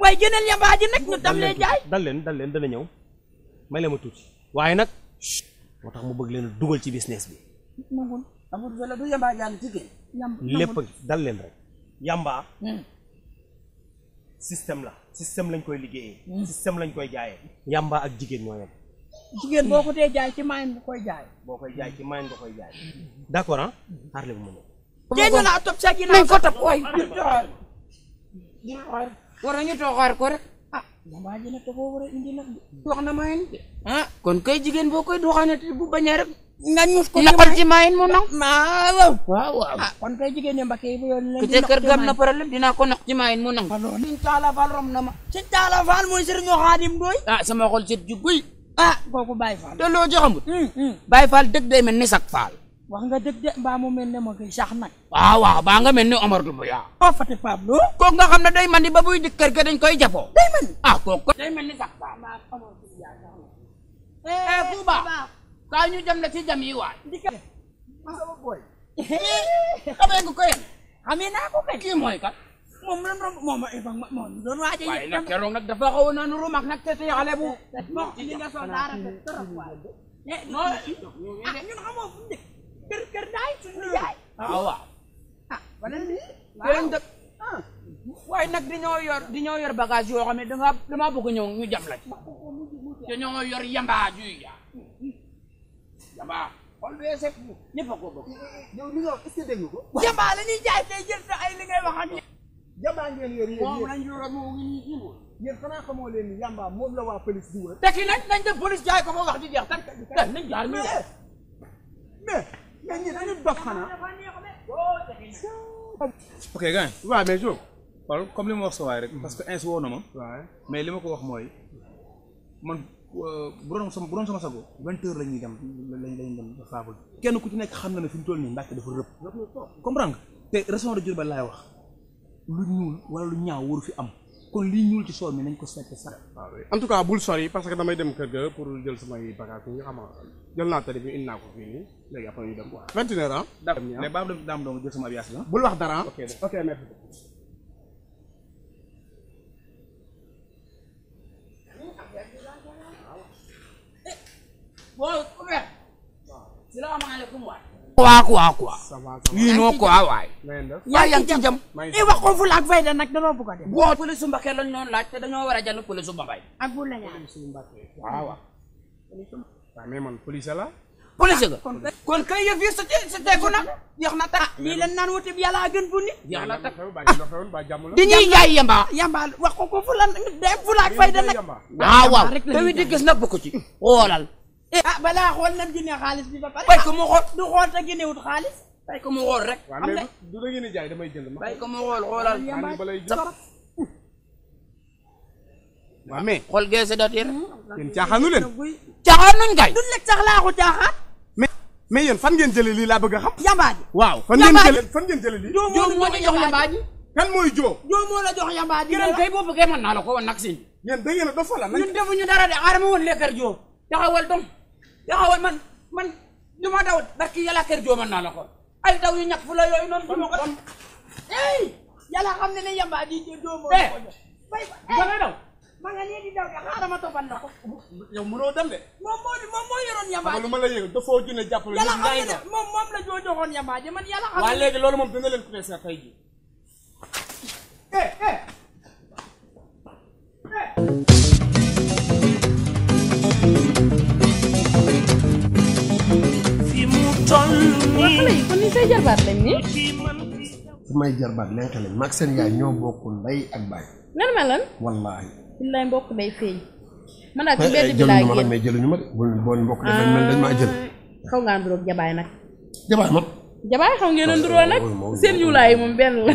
waaye jënal yabaa nag ñu dam leen jaay dal leen dal dana ñëw may leen ma tuuti waaye nag moo tax mu bëgg leen dugal ci business bi. amul wala du yambaa lépp dal leen rek. yambaa. Hmm. système la. système lañ koy liggéeyee. Mm. système lañ koy jaayee. yàmba ak jigéen ñoo yem. jigéen boo ko dee jaay ci maay koy jaay. boo koy jaay ci maay nga koy jaay. d' accord ah. xaaral ma sa ginnaaw nañ ko ko rek. Ah, na maa ah, kon kay jigéen boo koy doxaanati bu bañee rek. nga ñuus ko naqal jimaayin mu nax waaw waaw waaw ah, kon kay jigéen ñi Mbacke yi na ko nax jimaayin mu nax suñ taala faal rom na ma suñ taala faal mooy sëriñu xaadim dooy ah sama xol set ju guy ah kooku Baye Fall te loo joxamut hmm, hmm. Baye Fall dëgg day mel ni sak faal wax nga dëgg de mbaa mu mel ne ma koy sax nag waaw waaw baa nga mel ni Omar du Mbuya o fati Pablo nga xam ne day man di ba buy dikk kër ga dañ koy jafoo day man ah kooku day mel ni sak faal kaa ñu jam la ci jam yi waay. sama boy. xamee nga ko naa ko kañ. kii mooy kat. moom eh, a. waaye nag keroog nag dafa xaw na nuru mag nag te te xale bu. li nga waay. Eh, non ah ñun xamoo fu mu ah, ah, ah. yor dañoo yoo xam ne da ngaa damaa ñu jam la ci. dañoo yor yambaa juy yaa. jamba a ko bokk. Eh, eh, eh, yow li la ñuy jaay tey jël sa ay li ngay wax ak ñoom. jamba ngeen yor yéen nag police jaay ko ba wax di jeex tak tak jaar ñu. mais mais ñi dañu dof xanaa. ok gars yi. waaw mais jo. comme li ma wax sa waay rek. Mm-hmm. parce que ins woo na mais li ma ko wax mooy man. Euh, bu doon sama bu doon sama sago vingt heures la ñuy dem lañ dem ba kenn ku ci nekk xam na ne fi mu toll nii Mbàkke dafa rëb comprendre nga te région de Diourbel laay wax lu ñuul wala lu ñaaw waru fi am kon lii ñuul ci soow mi nañ ko seet sax ah en tout cas bul sori parce que damay dem kër ga pour jël samay bagages yi nga xam jël naa tari bi indi naa ko fii nii léegi après ñu dem quoi vingt et une heures ah daam dong jël sama avias la bul wax dara waaw waaw waaw. yii noo ko waawaay. yaa ngi ci jam i aku ko fu la ak fayda nag danoo bëgg a dem. boo polisu Mbakke lañ noonu laaj te dañoo war a Aku polisu Bambay. ak bu la ñaan waaw waaw. waaw mais man police la. police ga kon kay yëf yi sa sa tegu na jeex na ya, tax lii lan naan wuti yàlla gën bu ni jeex na tax di ñuy jaay yamba yamba wax ko ko fu la dem fu la ak fayda nag waaw waaw te wi di gis nag bu ko ci xoolal Eh, ah balaa xool nam génne bi ba pare. ko mu xool ah, te génnewut xaalis. xool rek. am na du da ngeen di jaay damay jënd. bàyyi ko mu geese da teel. yéen caaxaanu leen. caaxaanuñ kay. duñ lekk laa ko caaxaan. mais mais fan ngeen jëlee lii laa bëgg a xam. yambaaji. waaw fan ngeen jëlee fan ngeen jëlee lii. joo moo la yambaaji. kan mooy joo. joo moo la yambaaji. keneen kay boo bëggee mën naa ko woon nag si. yéen da a dof dara de xaaral ma woon lekkar joo taxawal dong yaxawal man man lu ma daw barki yàlla kër joo mën naa la ko ay daw yu ñàkk fu la yooyu noonu. kon kon yàlla xam ne ne yamba ji joo moo eh! ko jox. nga eh! daw. ma nga nii di daw de xaaral ma toppal na ko. yow mënoo dem de. moom moo moom moo yoroon yamba ji. lu ma la yëg dafoo junne jàppale. yàlla xam ne ne moom moom la joo joxoon yamba ji man yàlla xam ne. waaw léegi loolu moom dina leen pressé tey jii. eh eh. eh! toll nii waaw kon ni say jarbaat lañ nii. samay jarbaat lenk lañ maag seen yaay ñoo bokk ndey ak baay. lan ma lan. wallaahi. billaay mbokk day feeñ. man daal ci eh, eh, benn bi laay génn mais jëluñu ma de bu boo mbokk ah. dafa mel dañ maa jël. xaw ngaa nduróog jabaay nag. jabaay man. jabaay xaw ngeen a nduróo nag seen yuulaay moom benn la.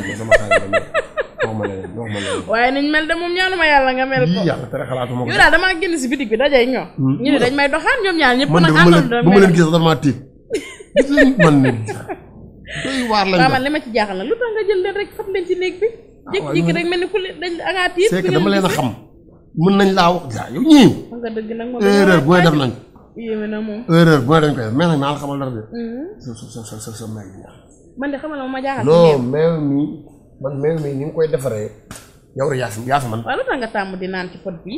waaye nañ mel de moom ñaanuma yàlla nga mel ko yàlla tere xalaatu ma ko yow daal damaa génn si bitig bi dajay ñoo hmm. ñu ne dañ may doxaan ñoom ñaar ñëpp nag àndoon bu ma leen gis dama tiit gis nga man li ma ci jaaxal nag lu tax nga jël leen rek fab leen ci néeg bi. Ah, jékki-jékki mel ni ku leen dañ dama leen a xam mën nañ laa wax jaa bu may def nañ. yéeme na moom erreur bu may dañ koy def mais nag naa la xamal dara de. Mm-hmm. sa sa sa sa sa may bi man de xamal ma ma jaaxal. non meew mi man meew mi ni mu koy defaree. yow rek yaa fi yaa fi man. waaw lu tax nga tàmm di naan ci pot bi.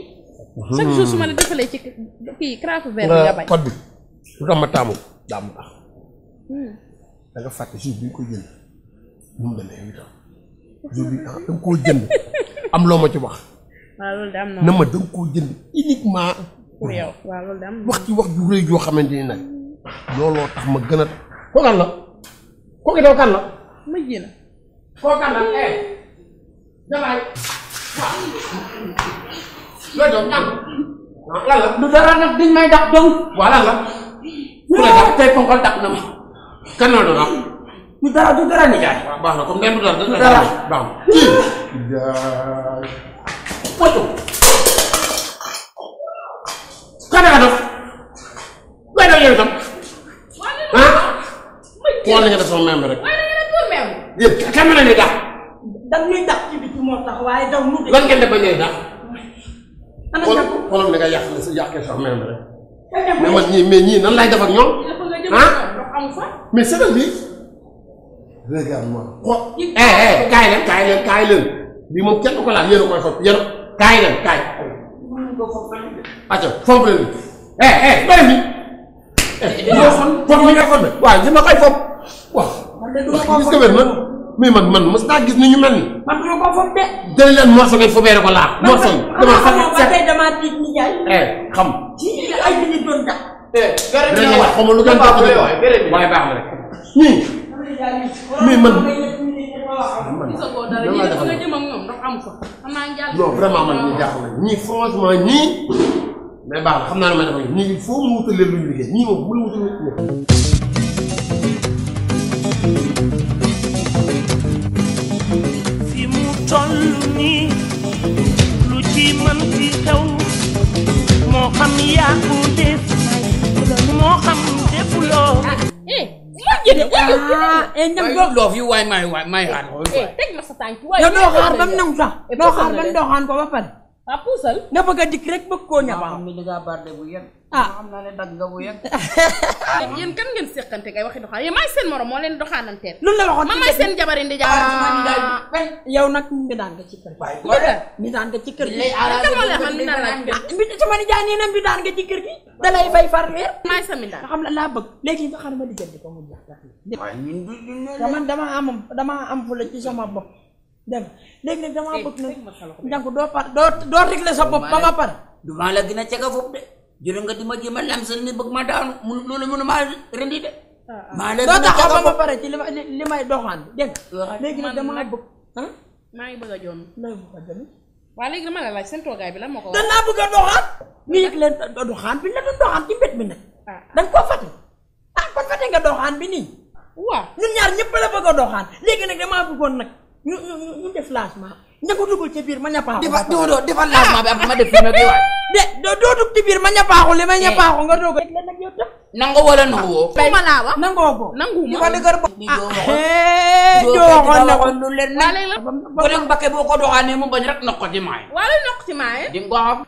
Hmm. chaque jour su ma la defalee ci kii craft vert nga bay pot bi lu tax ma tàmm daa mu tax Hmm. da nga fàtte jour bi nga jënd moom la lay witam jour bi ah, koo jënd am loo ma ci wax. waaw loolu da am na ma da nga koo jënd uniquement. pour yow waaw loolu da nag looloo tax ma gën a. koo la koo ki daw kan la. ma ji na. koo la eh. jalaay ah, nag dañ may dàq donc. waaw lan la. ku la tey ponkal dàq na ma. kan la doon am. du dara du dara nijaay. waaw baax na comme benn dara dana dara baax na kii. poto. kan la doon. waaye dafa yow itam. ah. xool nañu ne sama membre rek. yëpp kan la ñuy dax. dañ ñuy dax ci biti moo tax waaye daw mu. lan ngeen def ba ñuy dax. ana nga xoolal da nga yàq sa yàqee sax membre rek. mais man ñii mais ñii nan laay def ak ñoom. ah. Enfin Mais c'est la vie. Regarde-moi. Quoi Eh, eh, kaay leen kaay leen kaay leen bi moom kenn du ko laal yéen a koy fop yéen a kaay leen kaay. acca fomp leen eh eh bëri bi. eh ñoo xam fomp li nga fomp waaw dina koy fomp. waaw man de du ma ko fomp man mais man man mos naa gis ni ñu mel ni. man du ma ko fomp de. jëlee leen morso ngay fobee rek ko laal. morso yi dama xam set dama tiit ni jaay. eh xam. ci ay nit doon dàq. Eh, wax xamul lu doon def de waaye baax na rek. ñii. mais man. non vraiment man ñii jaaxal nañu ñii franchement ñii. mais baax na xam naa ne man dafa ñii il faut mu lu liggéey fi mu toll nii lu ci mën ci moo xam yaa ko def moo xam defuloo. Eh, ah eh ñam doo loof yi waay may waay may xaar. Eh, teg ma sa tànk waay. yow doo eh, xaar ba mu nangu sax doo xaar ba mu ko ba na puusal nga bëgg a dikk rek bëgg koo ñabaam mi li nga barde bu yàgg ah xam naa ne dag seen morom moo leen doxaananteel loolu la waxoon man maay seen jabari ndi jabar ah. yow nag mi daan nga ci kër gi mi daan nga ci kër gi kan da lay ah, fay far weer maay sa mi daan xam la laa bëgg léegi nga xam ma di jënd ko mu jeex man dama am dama am fu la ci sama bopp dem léeg-léeg damaa bëgg na jànku doo par doo doo réglé sa ba ma par du la gën de jërë nga di ma jéem a ni bëgg ma rendi de maa la doo taxaw ba ma pare ci li ma li may doxaan dégg léegi bëgg ah maa ngi bëgg a joon bëgg a joon waa dama la laaj seen toogaay bi lan moo ko bëgg a doxaan bi la ci ñu ñu ñu def lancement ña ko dugal ca biir ma ñapaaxu. di fa doo doo defal lancement ma def fi ma diwaan. de doo doo dugg ci biir ma ñapaaxu li ma eh. ñapaaxu nga doog a. léegi nag yow tam. nangu wala nangu woo. Ah, ma laa wax nangoo ko. nangu ma ko dëgër ah, eh, ba. ah jooxoon na ko lu leen na. ba mu bañ rek nokk ko xam. waaw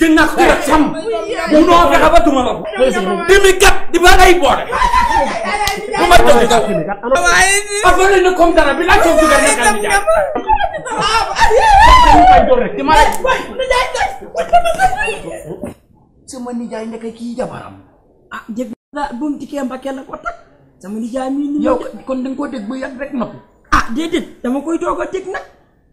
jën naa ko ci rek sam munoo fexe ba duma la ko dimi kat di ba lay boole bu ma jox ko affaire ne comme dara bi laa coow dugal nekkal di jaay di ma rek sama nijaay ndeke kii jabaram ah jëg naa doom dikkee mbakke la ko takk sama nijaay mii nii yow kon danga koo dégg bu yàgg rek noppi ah déedéet dama koy doog a dégg nag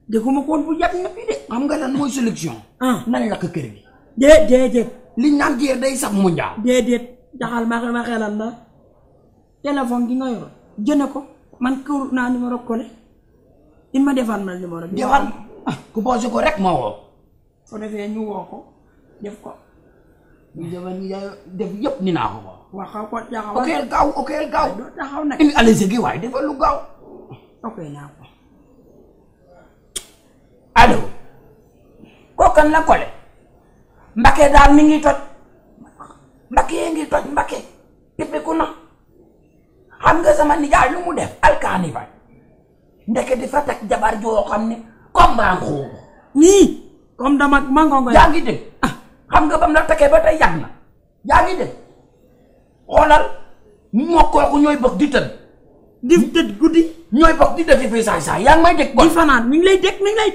dégguma koon bu yàgg noppi de xam nga lan mooy sélection ah. nañ lakk kër gi déet déet liñ naan géer day sax mu njaa déedéet jaxal ma ma xelal la téléphone gi nga yor jëne ko man kër naa numéro collé ma defal ma numéro bi defal ah, ku posé ko rek ma woo soo defee ñu woo ko def ko ñu defal def ko ko ko jaxaw lu gaaw ko allo la collé mbake dal mi ngi toj mbake yee ngi toj Mbacké tippiku na xam nga sama jaar lu mu def alkaani carnival ndeke di fatak jabar joo xam comme maa ngoo nii comme dama ma ngoo ngoo yaa ah. xam nga bam la takke ba tay yagna yaangi de ngi dégg ko moo kooku di teul di teut gudi ñoy bok di def fi sa sa yaang may dégg bon di mi ngi lay mi ngi lay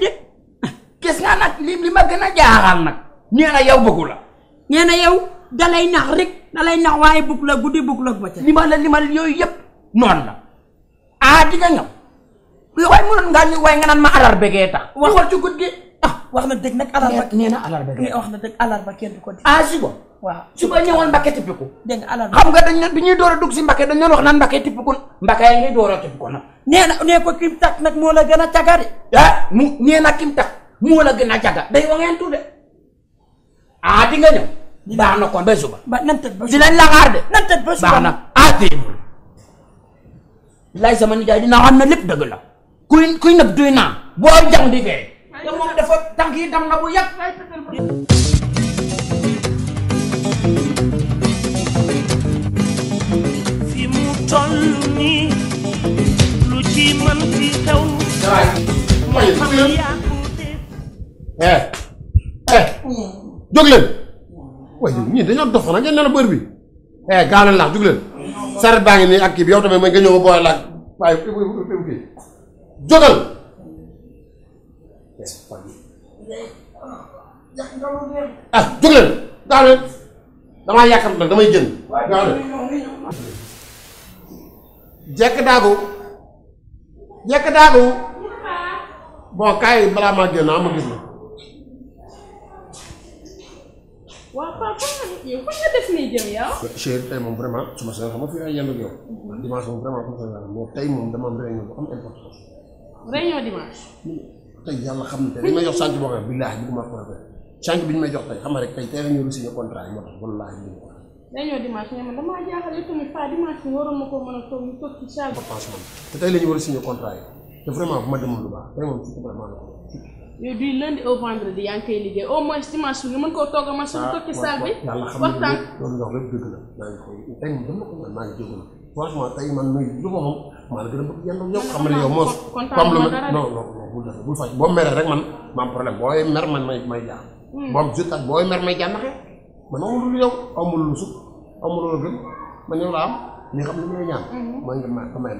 kess nga nak lim li ma nee yau yow bëggu la nee na yow dalay nax rek dalay nax waaye lima lima guddi bëgg la bëccëg limal la limal yooyu yëpp noonu kan la ah di nga ñëw waaye mënoon ngaa ñu waaye nga naan ma alar begee tax waxal ci ah wax na dëgg nag alar ba nee na alar wax na alar ba kenn du ko ah suba waaw suba ñëwoon alar xam nga dañ ne bi ñuy door a dañ leen wax naan mbakke tippiku mbakke yaa ngi door a tippiku nag nee ko kim tak nag moo la gën a ya, mu kim tak la day wa ngeen ah di nga ñëw. na kon ba suba. ba nan tëj ba suba dinañ la xaar de. nan suba baax na ah déedéet. lay sama dina xam ne lépp dëgg la. kuy kuy nëb duy naan. boo jàng di fee. na bu yàgg. fi mu toll nii lu ci mën ci xew. mooy xam jóg leen waaye ñii dañoo dox xanaa ngeen nelaw bër bi eh gaaw laax jóg leen baa ngi nii ak kii bi yow tamit may nga ñëw ba boole damay génn gaaw jekk daagu jekk daagu kaay balaa maa génn am ah, ma gis waaw Pape yow fan nga def nii jëm yow. chérie tey moom vraiment su ma xam nga fi ay yàlla ak yow. dimanche moom tey am yàlla xam ne tey li ma jox sànq yi ma a toog ñu toog te tey la ñu war a yi te vraiment bu ma demoon lu baax tey moom surtout vraiment la yow du lundi au vendredi yaa ngi koy liggéey au moins dimanche bi nga mën koo togg man suñu ngi koy tey moom dama ma moom maa la gën a bëgg yàlla yow xam nga ne yow moos comme lu non non bul def bul faj boo meree rek man ma am problème booy man may may jaax hmm. boo man amul lu yow man hmm. nga ma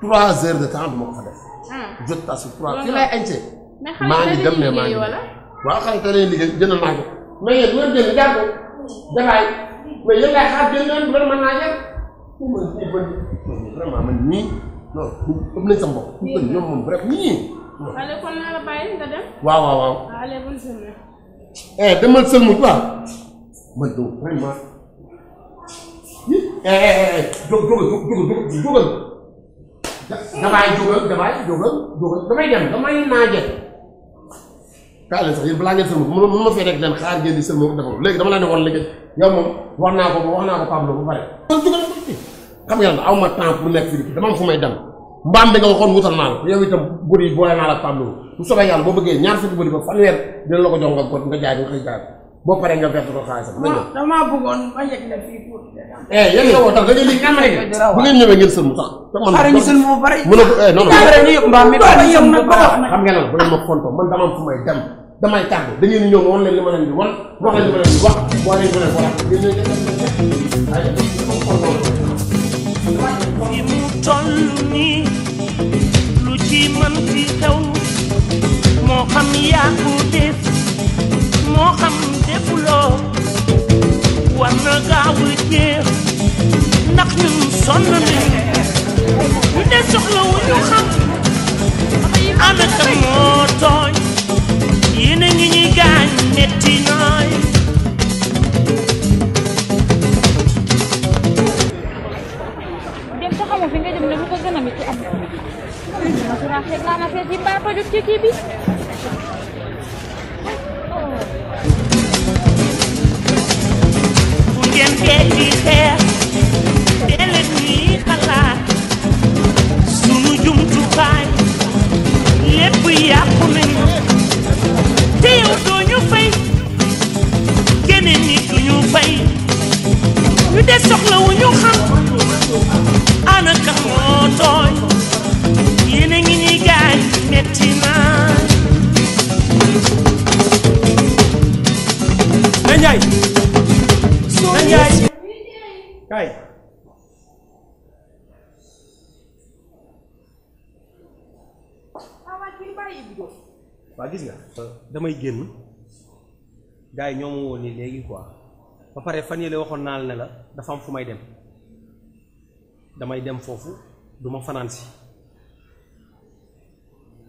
trois heures de temps du ma ko fa def ah. jotaat si trois ki lay añcee maa ngi dem ne maa ngi waaw xale te leen liggéey jënd naa ko mais yéen ngeen jënd jaar ko jafaay mais yéen ngay xaar jënd leen man mën naa jar vraiment man nii non ëpp nañ sama bopp ñoom moom bref nii ale kon naa la bàyyi nga dem waaw waaw waaw ah, ale bonne journée eh demal sël mu waaw man do vraiment eh, eh eh eh jóg jógal jógal jógal jógal damay jógal damay jógal jógal damay dem damay naa jël kaa leen sax yéen balaa ngeen sëlma mun mun ma fee nekk leen xaar ngeen di sëlma ne woon léegi bu pare kon dugal ko ma temps pour nekk fii dama am fu may dem mbaam bi nga waxoon wutal naa la yow itam bëri boole naa la Pablo bu soobee yàlla boo bëggee ñaar fukki bëri ba fanweer dina ba eh, da ngeen ma fonto man dama fu may dem damay tàggu da ngeen di ñëw wan leen li ma leen di wan wax leen li ma leen di wax wax leen li ma leen war a ngeen ñëw mu toll nii lu ci mën ci xew moo xam yaa ko def moo xam defuloo war na gaaw a jeex ndax ñun sonn nañu ñu de soxla wu ñu xam ana kan moo tooñ yéen a ngi ñuy gaañ metti nooy dem sa xamu fi nga jëm ne lu ko gën a metti am ma su raax rek laa ma seet yi mbaa tojut ci kii bi bu ngeen fee di xeex dee leen ñuy xalaat sunu jumtukaay lépp yàqu nañ te yow doo ñu fay keneen ñi du ñu fay soxla wu ñu xam ana ka moo tooñ yéen a ngi ñuy gaañ metti naa na njaay na njaay kay waa gis nga damay génn gars yi ñoo ma woon nii léegi quoi ba pare fan yële waxoon naa ne la dafa am fu may dem damay dem foofu du ma fanaan si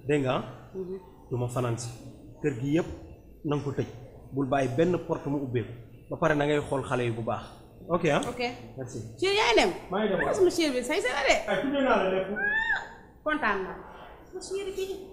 dégg nga du ma fanaan si kër gi yëpp na nga ko tëj bul bàyyi benn port mu ubbeeku ba pare na ngay xool xale yi bu baax. ok ah ok merci. chéri la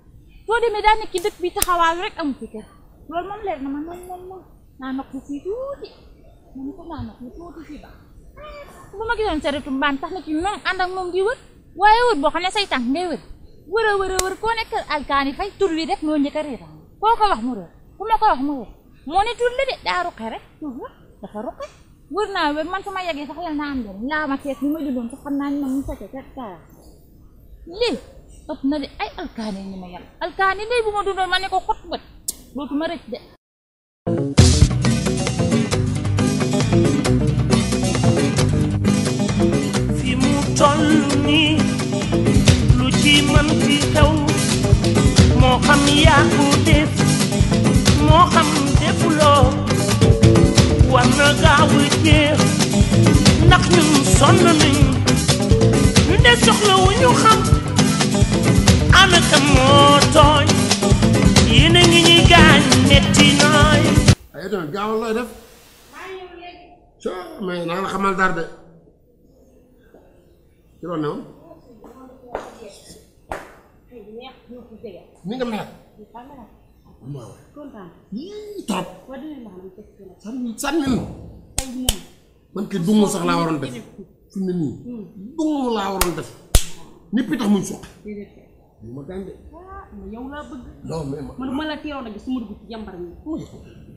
lo di medan nekk ci dëkk bi taxawaal rek amu fi nama loolu moom leer na man moom nama ya, kucing naa kucing fii tuuti man ko naa nokk tuuti fii ba bu ma gisoon sa retu mbaan tax na ci moom ànd ak moom di wër waaye wër boo xam ne say tànk ngay wër wër a wër a wër koo fay tur wi def moo njëkk a réeram ko wax mu réer ku ma ko wax mu ne tur de dafa ruqe li ëpp na de ay alkaani ñi ma yàlla alkaani day bu ma dundoon ma ne ko xot bët dootuma rëcc de fi mu toll nii lu ci mën ci xew moo xam yaa ko def moo xam defuloo war na gaaw a jeex ndax ñun sonn nañ nde soxla wu ñu xam ana tam moo tooñ yéen a ngi gaañ netti nooy ay tamit gaawal looy def so mais naa la xamal dara de ci loolu ne woon nga mel waaw yii trop sànni man sax laa waroon def fi ne nii dungu laa waroon def ñëpp tax muñ soqi. bu ma daan de. Ah, yow laa bëgg. mais la teeroon a gis su ma dugg ci jàmbar mi.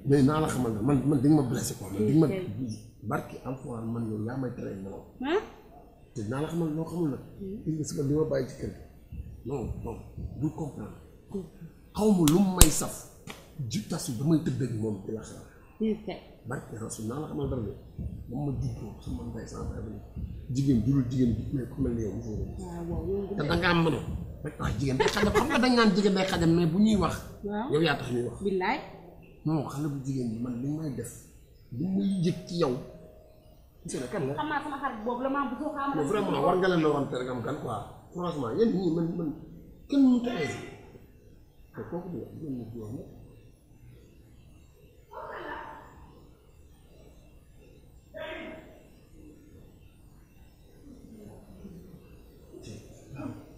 mais naa la xamal ne man man di ma blessé quoi man di ma barki alxuraan man yow yaa may tere nelaw. te naa la xamal loo xamul nag. Hmm. gis nga suba li ma bàyyi ci kër gi. non non bul comprendre. xaw ma lu may saf. ji tas bi damay tëdd ak moom di la barke rasul naa la xamal dara ne ma juddoo sama mbay sama mbay ma jigéen jurul jigéen bi mais ku mel ne yow mosoo ko. Ah, a rek jigéen day xajam xam nga naan jigéen day xajam mais bu ñuy wax. yow yaa tax ñuy wax. billaay non xale bu jigéen bi man li may def li muy yëg ci yow. gis nga kan la xam naa kenn mënut a bi wax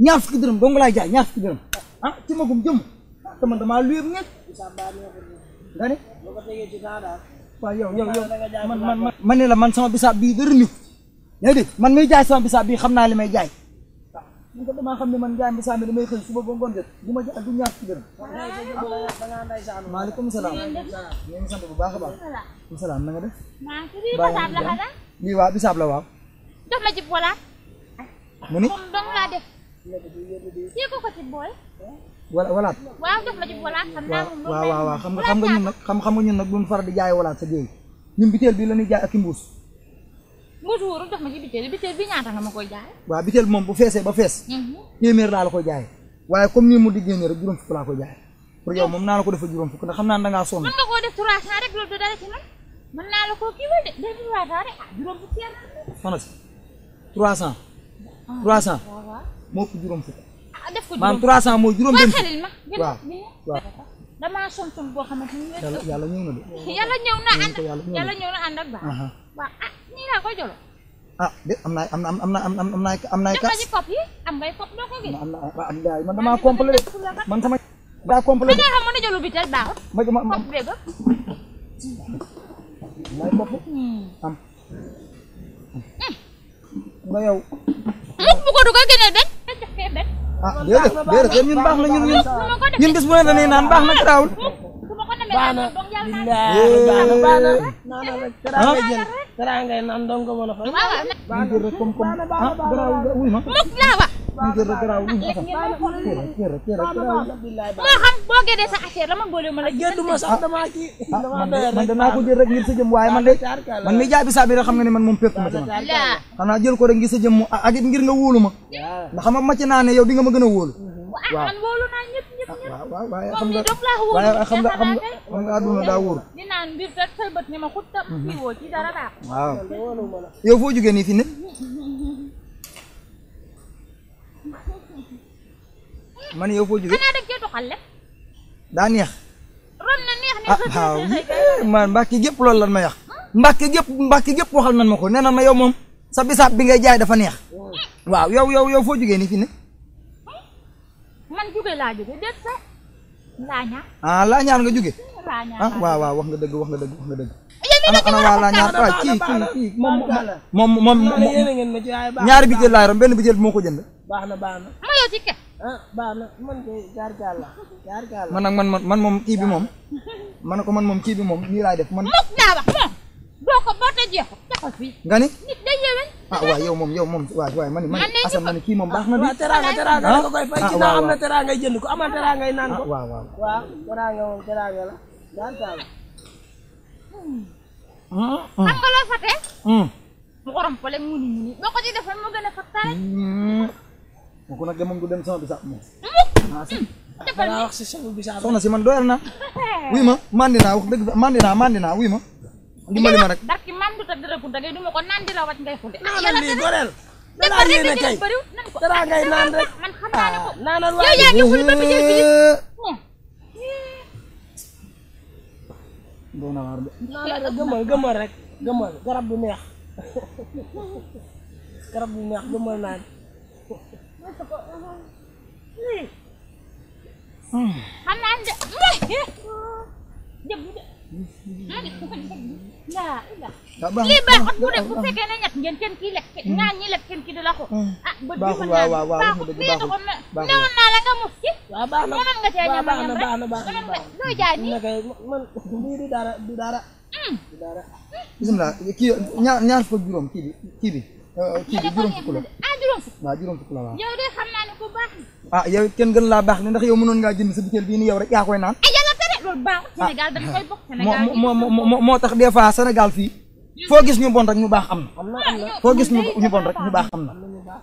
nyaf fukki gitu, dërëm dong belajar gitu, jaay ah ci ma gum jëm te man damaa luyam ñett nga ne waaw yo yo. man man man ma la man sama bisa bii ni yaa man may jaay sama bisaab bi xam naa jaay ñu ko man jaay bisaab bi damay xëy suba ba ngoon jot bu jaay du ñaar fukki dërëm maaleykum salaam ñu ngi sant bu baax a baax maaleykum na nga def la dox dong Siya ko katibol? Wala Walat. Wala to maju wala Wah, wah, wah. Kamu, kamu kam kam far di jaay wala sa jeey. Ñum bitel bi lañuy jaay ak mbuus. Mbuus wuru jox ma ci bitel bitel bi ñaata nga ma koy jaay? Wa bitel mom bu fessé eh, ba fess. Témèr mhm. la ni di gënë rek juroom fukk la koy jaay. Pour yow mom na la ko defal juroom fukk ndax xam naa da nga moo ko juróom fukk. ah def ko juróom maanaam 300 mooy juróom benn fukk waaw waaw. damaa som som boo xamante ni. yàlla yàlla ñëw na de. yàlla ñëw na ànd yàlla ñëw na ànd ak baax. waaw ah nii laa ko jolo. ah de am naa am na am na am na am na ay cas. am ngay pop doo ko gis. am na ah man damaa complet man sama. daa complet da nga xam ne jolu bi teel baaxul. ma ma ma pop beegam. am. ba yow. mukk bu ko du ko gënal benn. ah déedéet déedéet ñun baax na ñun ñun bés bu ne dañuy naan baax na garaawul. baax na billaahi baax na ah, teraangay naan dong ko mën a fay ñu jël rek comme comme ah garaawul wuy ma ñu jël rek garaawul wuy ma moo xam boo génnee sa affaire la ma boole ma la génnuma sax dama ci ah, man danaa ko jël rek ngir sa jëm waaye man de man mi jaabi saa bi rek xam nga ne man moom fekkuma ci man xanaa jël ko rek ngir sa jëm ak it ngir nga wóolu ma ndax xam nga ma ci naa ne yow di nga ma gën a wóolu waaw man wóolu naa ñëpp waaw waaw waaye xam nga waaye xam nga xam nga àdduna daa wóor. di naan mbir rek mhm. ci dara yow foo jógee nii fi ne. man yow foo jógee. xanaa da cee doxal lépp. daa na na. Ah, man ko nee na yow moom sa bisaab bi ngay jaay dafa neex. Hmm. waaw yow yow yow foo jógee nii fi ne. man jóge laa jóge déet sax laañaan. ah laañaan nga jóge. ah waaw waaw wax nga dëgg wax nga dëgg wax nga dëgg. ana ana waa laañaan ah kii kii kii moom moom moom moom ñaari biteel laa benn biteel bi moo ko jënd. baax na baax na. ma yow ci ke. Ah, na man kay man man moom kii bi moom. man ko man moom kii bi moom nii laay def man. mos naa wax moom. boo ko bootee jeexul taxaw fii. nga ni nit ah waaw yow moom yow moom waaw waaye man man asam man kii moom baax ah, na. waaw teraanga teraanga da nga koy fay ci naa am na teraanga jënd ko amaa teraanga ngay naan ko. waaw waaw waaw teraanga moom teraanga la daan saa la. xam nga loo fate. mu xorom pale mu ni mu sama bisaab moom. ah si sama bisaab. soxna si man doyal na. wuy ma mandi naa mandi naa mandi naa wuy ma dimbali iya ma rek barki man du ta dara gunta ngay duma ko naan la wacc ngay xulé naan gorel dara yene kay dara ngay naan rek man xam naa ne ngi ba bi bi dona war de gëmal gëmal rek gëmal garab bu neex garab bu neex gëmal ah lii baaxul bu dee bu fekkee ne ñett ngeen kenn kii lekk ñaar ñi lekk kenn kii di mm. eh, eh, la ah, ko. ah ba baaxul waaw waaw waaw baaxul baaxul newoon naa la nga mus baax na mënoon nga cee ñam ñam rek mënoon nga looy jaay nii. man ñaar ñaar juróom kii bi kii bi. kii bi juróom fukk la ah juróom fukk. waaw juróom fukk la waaw. yow de xam naa ne ku baax ah yow kenn gën laa baax ne ndax yow mënoon ngaa jënd sa bitel bii rek yaa koy loolu baax ah, koy bokk Sénégal moo moo tax des fois Sénégal fii foo gis ñu bon rek ñu baax am na ah, foo gis ñu bon rek ñu baax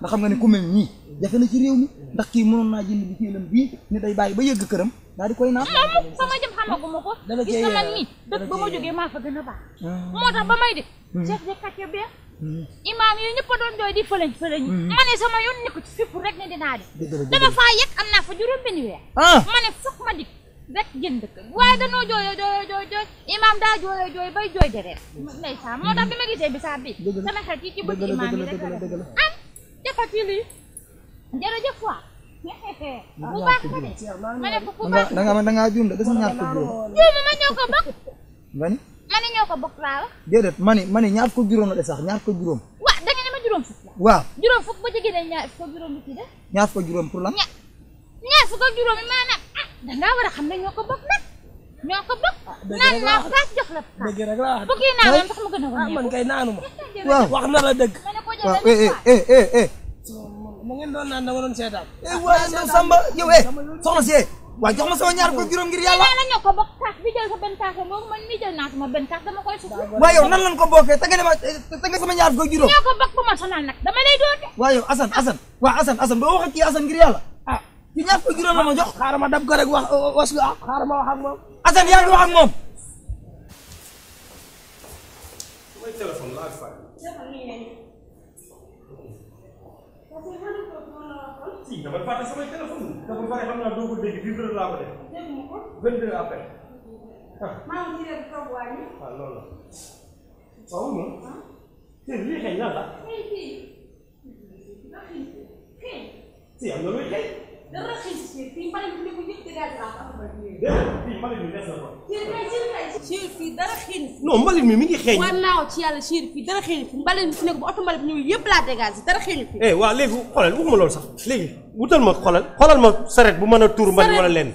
xam nii jafe na ci réew mi ndax kii mënoon naa jënd bi ci lam bii ni day ba yëgg këram daal di koy naan loolu ah, sama jëm xamaguma ko gis nga ma jógee maa fa ba may def hmm. chef de quartier hmm. a doon jooy di fëleñ hmm. ma ne sama yoon nekk ci fipp rek ne dinaa def dama faa yegg am naa fa juróom benn weer ma ne ma dikk rek jënd ko waaye danoo joy, joy, joy, jooy imaam daa joy, jooy bay jooy deret bi sama xel ci ci bëgg imaam yi rek am defati lii jërëjëf waa bu baax ko de ma ne ko bu baax da nga da nga juum de gis ñaar ko juróom juuma ma ñoo ko bokk nga ma ne ñoo ko bokk laa wax ma ni ma ni ñaar ko juróom la de sax ñaar ko juróom waa da nga ne ma ba ci ko ci de ko pour la dangaa war xam ne ñoo ko bokk nag ñoo ko bokk. Ah, naan naa kaas jox la kaas. dëgg rek laa wax bu a ah, ma. waaw na la dëgg. waaw eh eh eh eh. mu ngeen doon naan dama doon seetaan. eh waaye Samba yow eh soxna si eh. jox ma sama ñaar ko ngir yàlla la ñoo ko bokk taas bi jël sa benn taas boobu man mii jël naa sama benn taas dama koy suuf waaw yow nan lañ ko bokkee ma te nga sama ñaar ko ma sonal dama lay doon de waaw yow Assane Assane waaw Assane Assane doo wax ak kii Assane ngir yàlla ah, di ñaar fukki juróom la ma jox ma dab ko rek was nga ah ma wax ak moom yaa ngi wax ak dara xëy mbalit mi mi ngi xeeñ. war naa ci yàlla Chérif fii dara xëy eh, sax léegi wutal ma xoolal xoolal ma saret bu man a tuur mbalit wala lenn.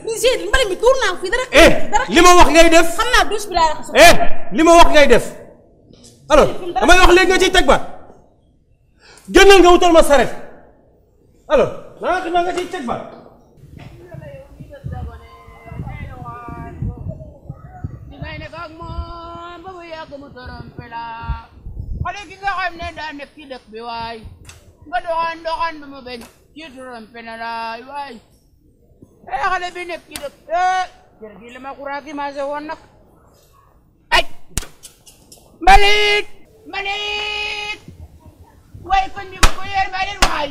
mbalit mi tuur naa ko fii dara. Eh, dara li ma wax ngay def. xam naa douche bi eh li ma wax ngay def alors damay wax léegi nga ciy teg baat génnal nga wutal ma saret alors నాకు నాకు ఇచ్చేది బా Kali kita kan nenda nak kidak biwai. Gadohan dohan bumuben. Kituran penara iwai. Eh kali binak kidak. Eh jadi lama kurati masa wanak. Ay! Balik! Balik! Wai kundi bukuyar balik wai.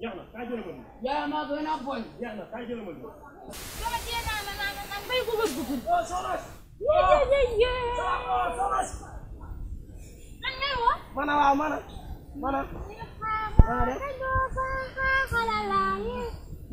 jeex na maa gën a boñ. jeex na kaa jëlee man. sama jéem naa na naa na mbay ko wër dugub. oh soxna. yee yee yee. soxna soxna. man ngay woo. mana waaw mana. mana. naa de.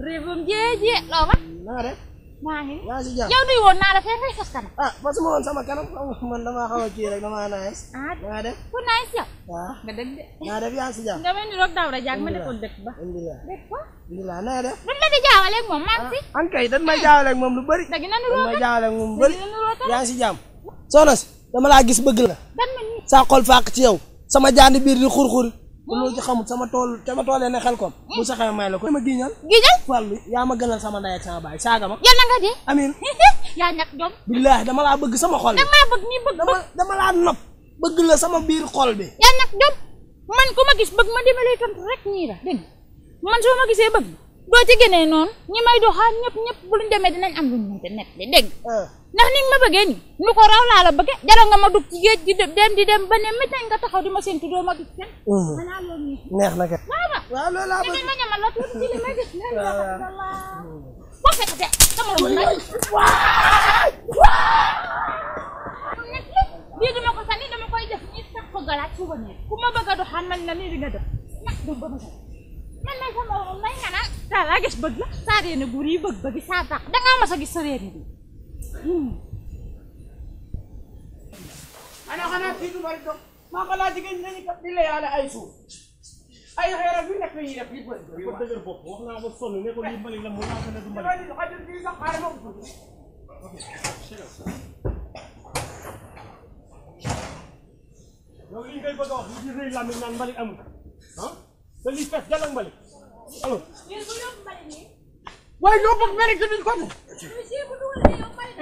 réewum jéejee maa ngi maa ngi si jàmm yow nuyu woon naa la fee fay sa kanam. ah parce que ma woon sama kanam man damaa xaw a kii rek damaa nice. ah nga def ku nice yow. waaw ah. nga dëgg de. nga def yaa ngi si jàmm. nga mel ni roog daaw la jàng ma defoon dëkk ba. alhamdulilah dëkk ba. alhamdulilah na def. duñ la di jaawaleeg moom maa ngi ah, si. an kay dañ may ah. jaawaleeg moom lu bëri. dëgg na nu roota dañ may jaawaleeg moom lu bëri. yaa ngi si jàmm. soxna si dama laa gis bëgg la. sa xol fàq ci yow sama jaandi biir di xurxur bu loolu ci xamut sama tool sama toolee ne xel kom hmm? bu saxee may la ko ma dama giñal giñal wàllu yaa ma gënal sama ndey ak sama baay saaga ma yal na nga dee amin yaa ñàkk doom billaahi dama laa bëgg sama xol bi dama bëgg dama dama laa nopp bëgg la sama biir xol bi yaa ñàkk doom man ku ma gis bëgg ma dima lay tontu rek ñii la dégg man soo ma gisee bëgg bo ci gene non ñi may doxaan ñep ñep bu luñu demé dinañ am luñu ñu mënta nekk di dégg ah. nak ni ma bëggee ni lu ko raw la la bëggee jaral nga ma dug ci géej di dem di dem ba ne métti nga taxaw di ma séntu doo ma gis kenn mm. xanaa loolu nii neex na kenn wa waaw loolu laa bëgg ma ñama la tuuti ci li ma gis ne la ko fekkate sama lu wa bii dama ko sani dama koy def ñi sax ko galat ci wone ku ma bëgg a doxaan man na ni di nga def nak do ba bëgg Salah guys, bagla sari na buri bag sari ni. Hmm. Ana kana tidu bardo. Makalaji kan ni kap dile ala aisu. Ay hera bi nak ni nak ibon. Ibon Ayo gerbo. Wa na ko sonu ne ko ni bali la mo na kana dum bali. Bali hadu di sa karbo. Yow li ngay bëgg wax li di rëy lamine naan bali amul. Hein? da li fekk jàll ak mbali alors. waaye ñoo bokk mel ni que duñ ko ne.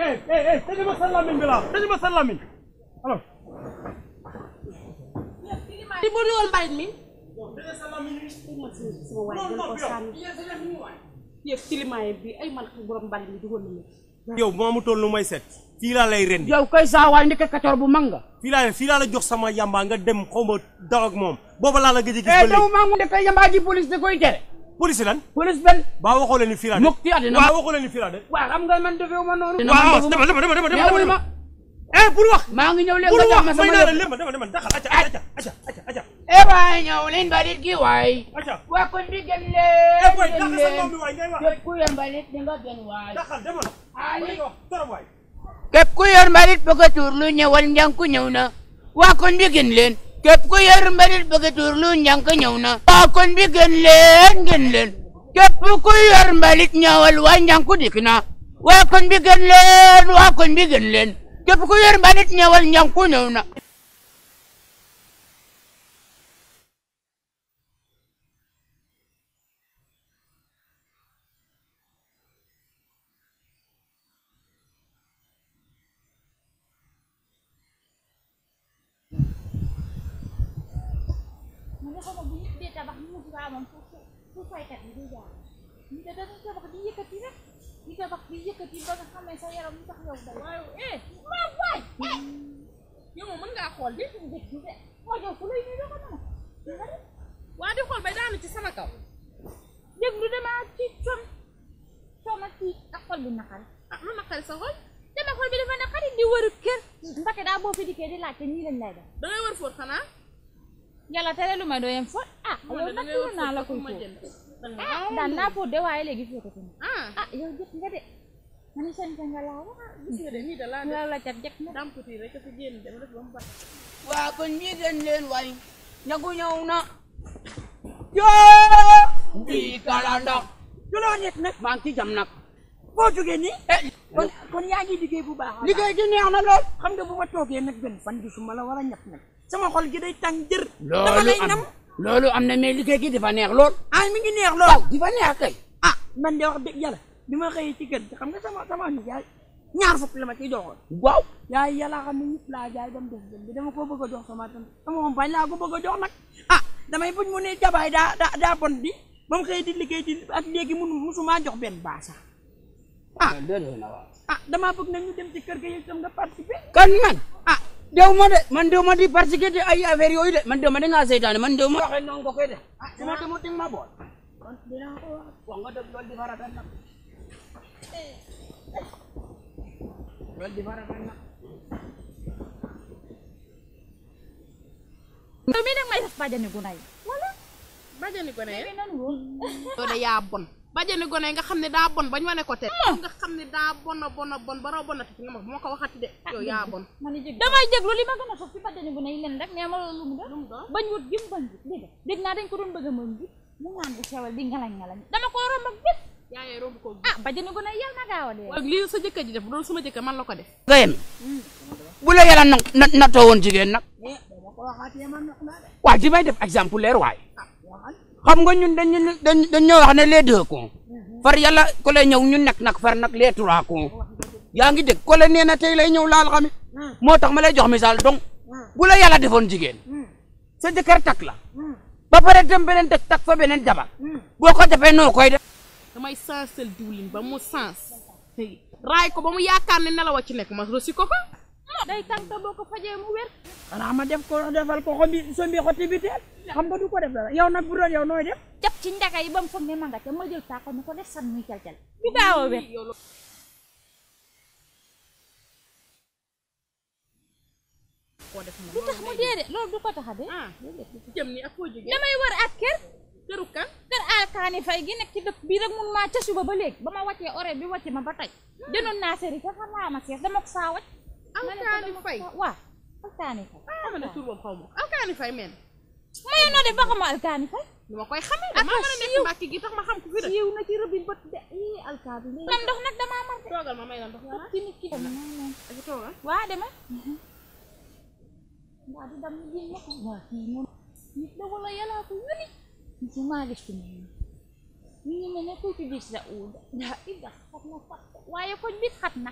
eh eh eh tëjee ma sa lamiñ bi laa tëjee ma sa lamiñ alors. li mu dugal mbalit mi. yëpp climat yi bi ay man borom mi dugal nañu yow bu ma mu toll mooy set fii laa lay rendi yow ndeke kacoor bu mag nga fii laa jox sama yamba nga dem xaw ma daw ak moom booba laa la gëj a eh, police da koy tere police lan police benn baa waxoo leen ni fii laa de mukk ci àddina baa waxoo leen ni de waaw xam nga man defewu ma noonu dama dama dama dama eh pour wax maa ngi ñëw leen ba tax ma sama lépp pour wax may naa la lépp dama dama daxal acca acca acca acca acca. eh waay ñëw leen mbalit gi waay. acca waa kon bi gën leen. eh booy daxal sa doom bi waay ngay wax. képp ku yor mbalit di nga gën waay. daxal demal. Aliou wax trop waay. képp ku yor mbalit bëgg a tuur lu ñëwal njànku ñëw na. waa kon bi gën leen. képp ku yor mbalit bëgg a tuur lu njànku ñëw na. waa kon bi gën leen gën leen. képp ku yor mbalit ñëwal waa njànku dikk na. waa kon bi gën leen waa kon bi gën leen Depuis ya, que j'ai banit nyawal nyanku na. Dia tabak ni mungkin ramon tu tu tu saya kat dia. Ni dah dah tu dia kat dia. 一个把一个地方上面上要我们这有的。哎呦，哎，妈喂，哎，因为我们家火力是不行的，我就不能运动了。وادي خول بيدان تي سمكة يقولوا ده ما تي شم شو ما تي أخول بالنخل ما ما خلص أخول ده ما خول بالنخل اللي وركر بس كده أبوه في دي كده لا تنيل النادى ده يور فور خنا يلا ترى لو ما دوين فور آه يلا تكلمنا على كل شيء daan naa fóot de waaye léegi fóotatuñu ah yow jot nga de man ni sañ nga laa wax laa la cat jekk na waa kon ñii gën leen way ñagu ñëw na yoo mbii kala ndox du loo nekk nag maa ngi ci jam nag boo jógee nii kon kon yaa ngi liggéey bu baax liggéey gi neex na lool xam nga bu ma toogee nag benn fan gisuma la war a ñett nag sama xol gi day tàng jër dama lay nam lolu amna me mais gi difa neex lool. ay ah, mi ngi neex lool ah, difa neex kay. ah man de wax dëgg yalla bima xey ci keur xam nga sama sama jaay ñaar fukk lama ci ciy waw yaay yalla xam ni la jaay dem def dem bi dama ko bëgg a jox sama tam sama moom bañ la ko bëgg a jox nag ah damay buñ mu ne jabaay da da da bon di bam xey di liggéey di ak legi mu musuma jox benn baasa. ah ah, ah dama bëgg nag ñu dem ci keur ga yeesam nga participer. kan man ah dewmade man dewmadi par ce que ay affaire yooyu de man dewmade ngaa seytaane man dewma waxee noonu ko koy de su ma demu ting ma bool kon dinaa ko wax nga dëgg loolu di farata nag loolu di farata nag yow mii nag may def bàjjani gune yi wala bàjjani gune yi loolu yaa bon bajjani gone yi nga xam ne daa bon bañ wane ko te nga xam ne daa bona bona bon ba raw bonati fi nga ma bu ma ko waxati de ah, yow damay jéglu li ma gën a toog ci bajjani gone yi leen ko doon a mën bi mu naan bu sewal di ngalañ ngalañ ko romb ak ko ah bajjani yal na a dee ak lii sa jëkkër ji def doon sama jëkkër man la ko def nga hmm. bu la yàlla nag na natoo woon jigéen nag eh, waaw di may def exemple leer waay ah. xam nga ñun dañ dañ dañoo wax ne les deux cons mm-hmm. far yàlla ko lay ñëw ñun nekk nag far nag les trois cons yaa ngi dégg ko lay nee na tey lay ñëw laal xam mm. moo tax ma lay jox misaal donc mm. bu la yàlla defoon jigéen mm. sa jëkkër takk la ba pare dem beneen dëkk takk fa beneen jabar boo ko defee noo koy def. damay sansal diwlin ba mu sens raay ko ba mu yaakaar ne nelaw a ci nekk ma rosi ko ko. day tàng te boo ko fajee mu wér. xanaa ma def ko defal ko xombi sombi xotti xam nga du ko def dara yow nag bu doon yi ba mu foog ne ma a dee de loolu du ko tax a dee. Ah, jëm ak kër. kër alkaani fay gi nekk ci dëkk bii rek mun maa ca suba ba léegi ba ma wàccee ore bi wàcce ma ba tey. Ah. jënoon naa seri ka xam ma sees dama ko saa wàcc. am kaani fay waaw ma am fay men maye noo def ma koy xamee gi tax ma xam ku fi def siiw na ci rëbbi bët de ii alkaabi lan ndox nag damaa mar de ma may la ndox ci nit ki dem ak toogal waa dema waa du dam ji ñex ya. waa kii moom nit da wala yàllaa ko yónni nit maa gis ci moom ñu ne ci ida xat na xat na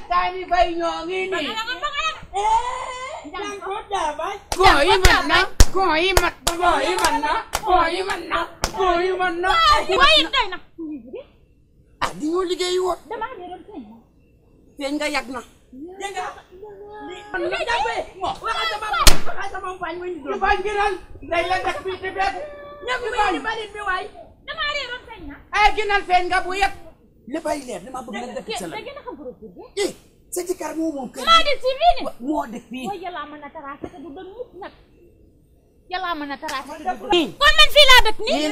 tay đi vay nhờ nghi nỉ đang cốt đà bác cô hỏi im mặt nó cô hỏi im mặt cô hỏi im mặt nó cô hỏi im mặt nó cô hỏi im mặt nó quay im đây nè à đi ngồi đi gây quá đó má đi đâu thế tiền cái giặc nè tiền cái mình lấy đáp đi ngỏ qua hai trăm ông qua hai trăm ông phải nguyên được bao nhiêu lần đây là đặc biệt đẹp nhất nhưng mà đi đi đi đi đi đi đi đi đi đi đi đi đi đi đi đi đi lépp ay leer damaa bëgg nga def ci la eh kar moo moom kër maa def ci fii nii moo fii mooy yàlla mën a taraase te du doon mukk nag yàlla mën a taraase te du doon kon man fii laa dëkk nii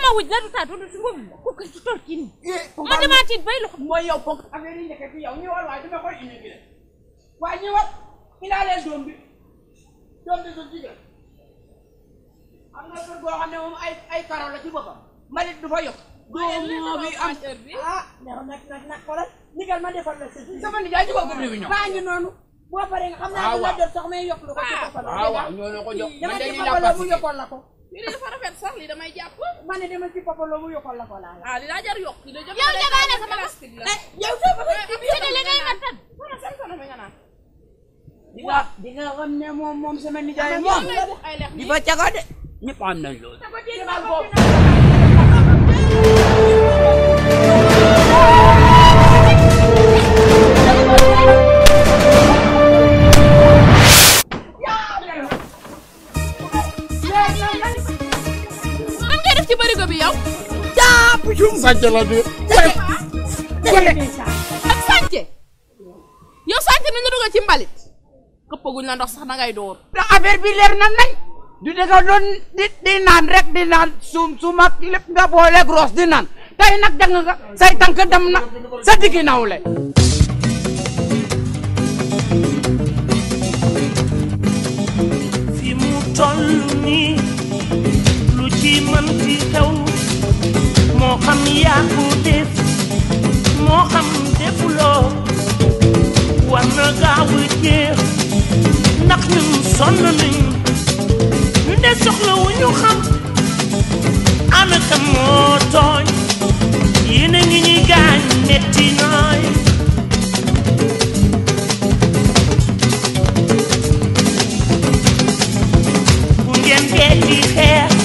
nga wuj la du taatu du du boobu ku ko ci tool kii nii eh, ma damaa tiit bay loxo mooy yow ponk affaire yi njëkk fi yow ñëwal waaye dama koy indi bi waaye ñëwal indaa leen doom doom bi mbalit du fa yokk. doomu bi am ah non nag nag nag xoolal ndigal la si. sama nijaay ci boppam ñu ñëw. baa ngi noonu. boo paree nga xam naa dina jot sax may la ko jox man dañuy jàppal mu yokkoon la ko. lii dafa rafet ma ko laal. ah li daa jar yokk. yow jagaane sama bopp eh, yow eh, sama moom moom sama nijaay di fa caga de loolu. sànce la jóge. ak sànce yow sànce mi nga dugal ci mbalit këppaguñ la ndox sax dangay door. affaire bi leer na nañ. đi Dudega đi đi dinan rek dinan sum sumak lip nga boole gros dinan tey nag danga nga say tànk dem na sa diggi nawle fi mu toll nii lu ci mën ci xew moo xam yaa ko def moo xam defuloo war na gaaw a jeex ñun sonn nañ nde soxla wu ñu xam ana kan moo tooñ yéen a ngi ñuy gaañ metti nooy bu ngeen dee di xeex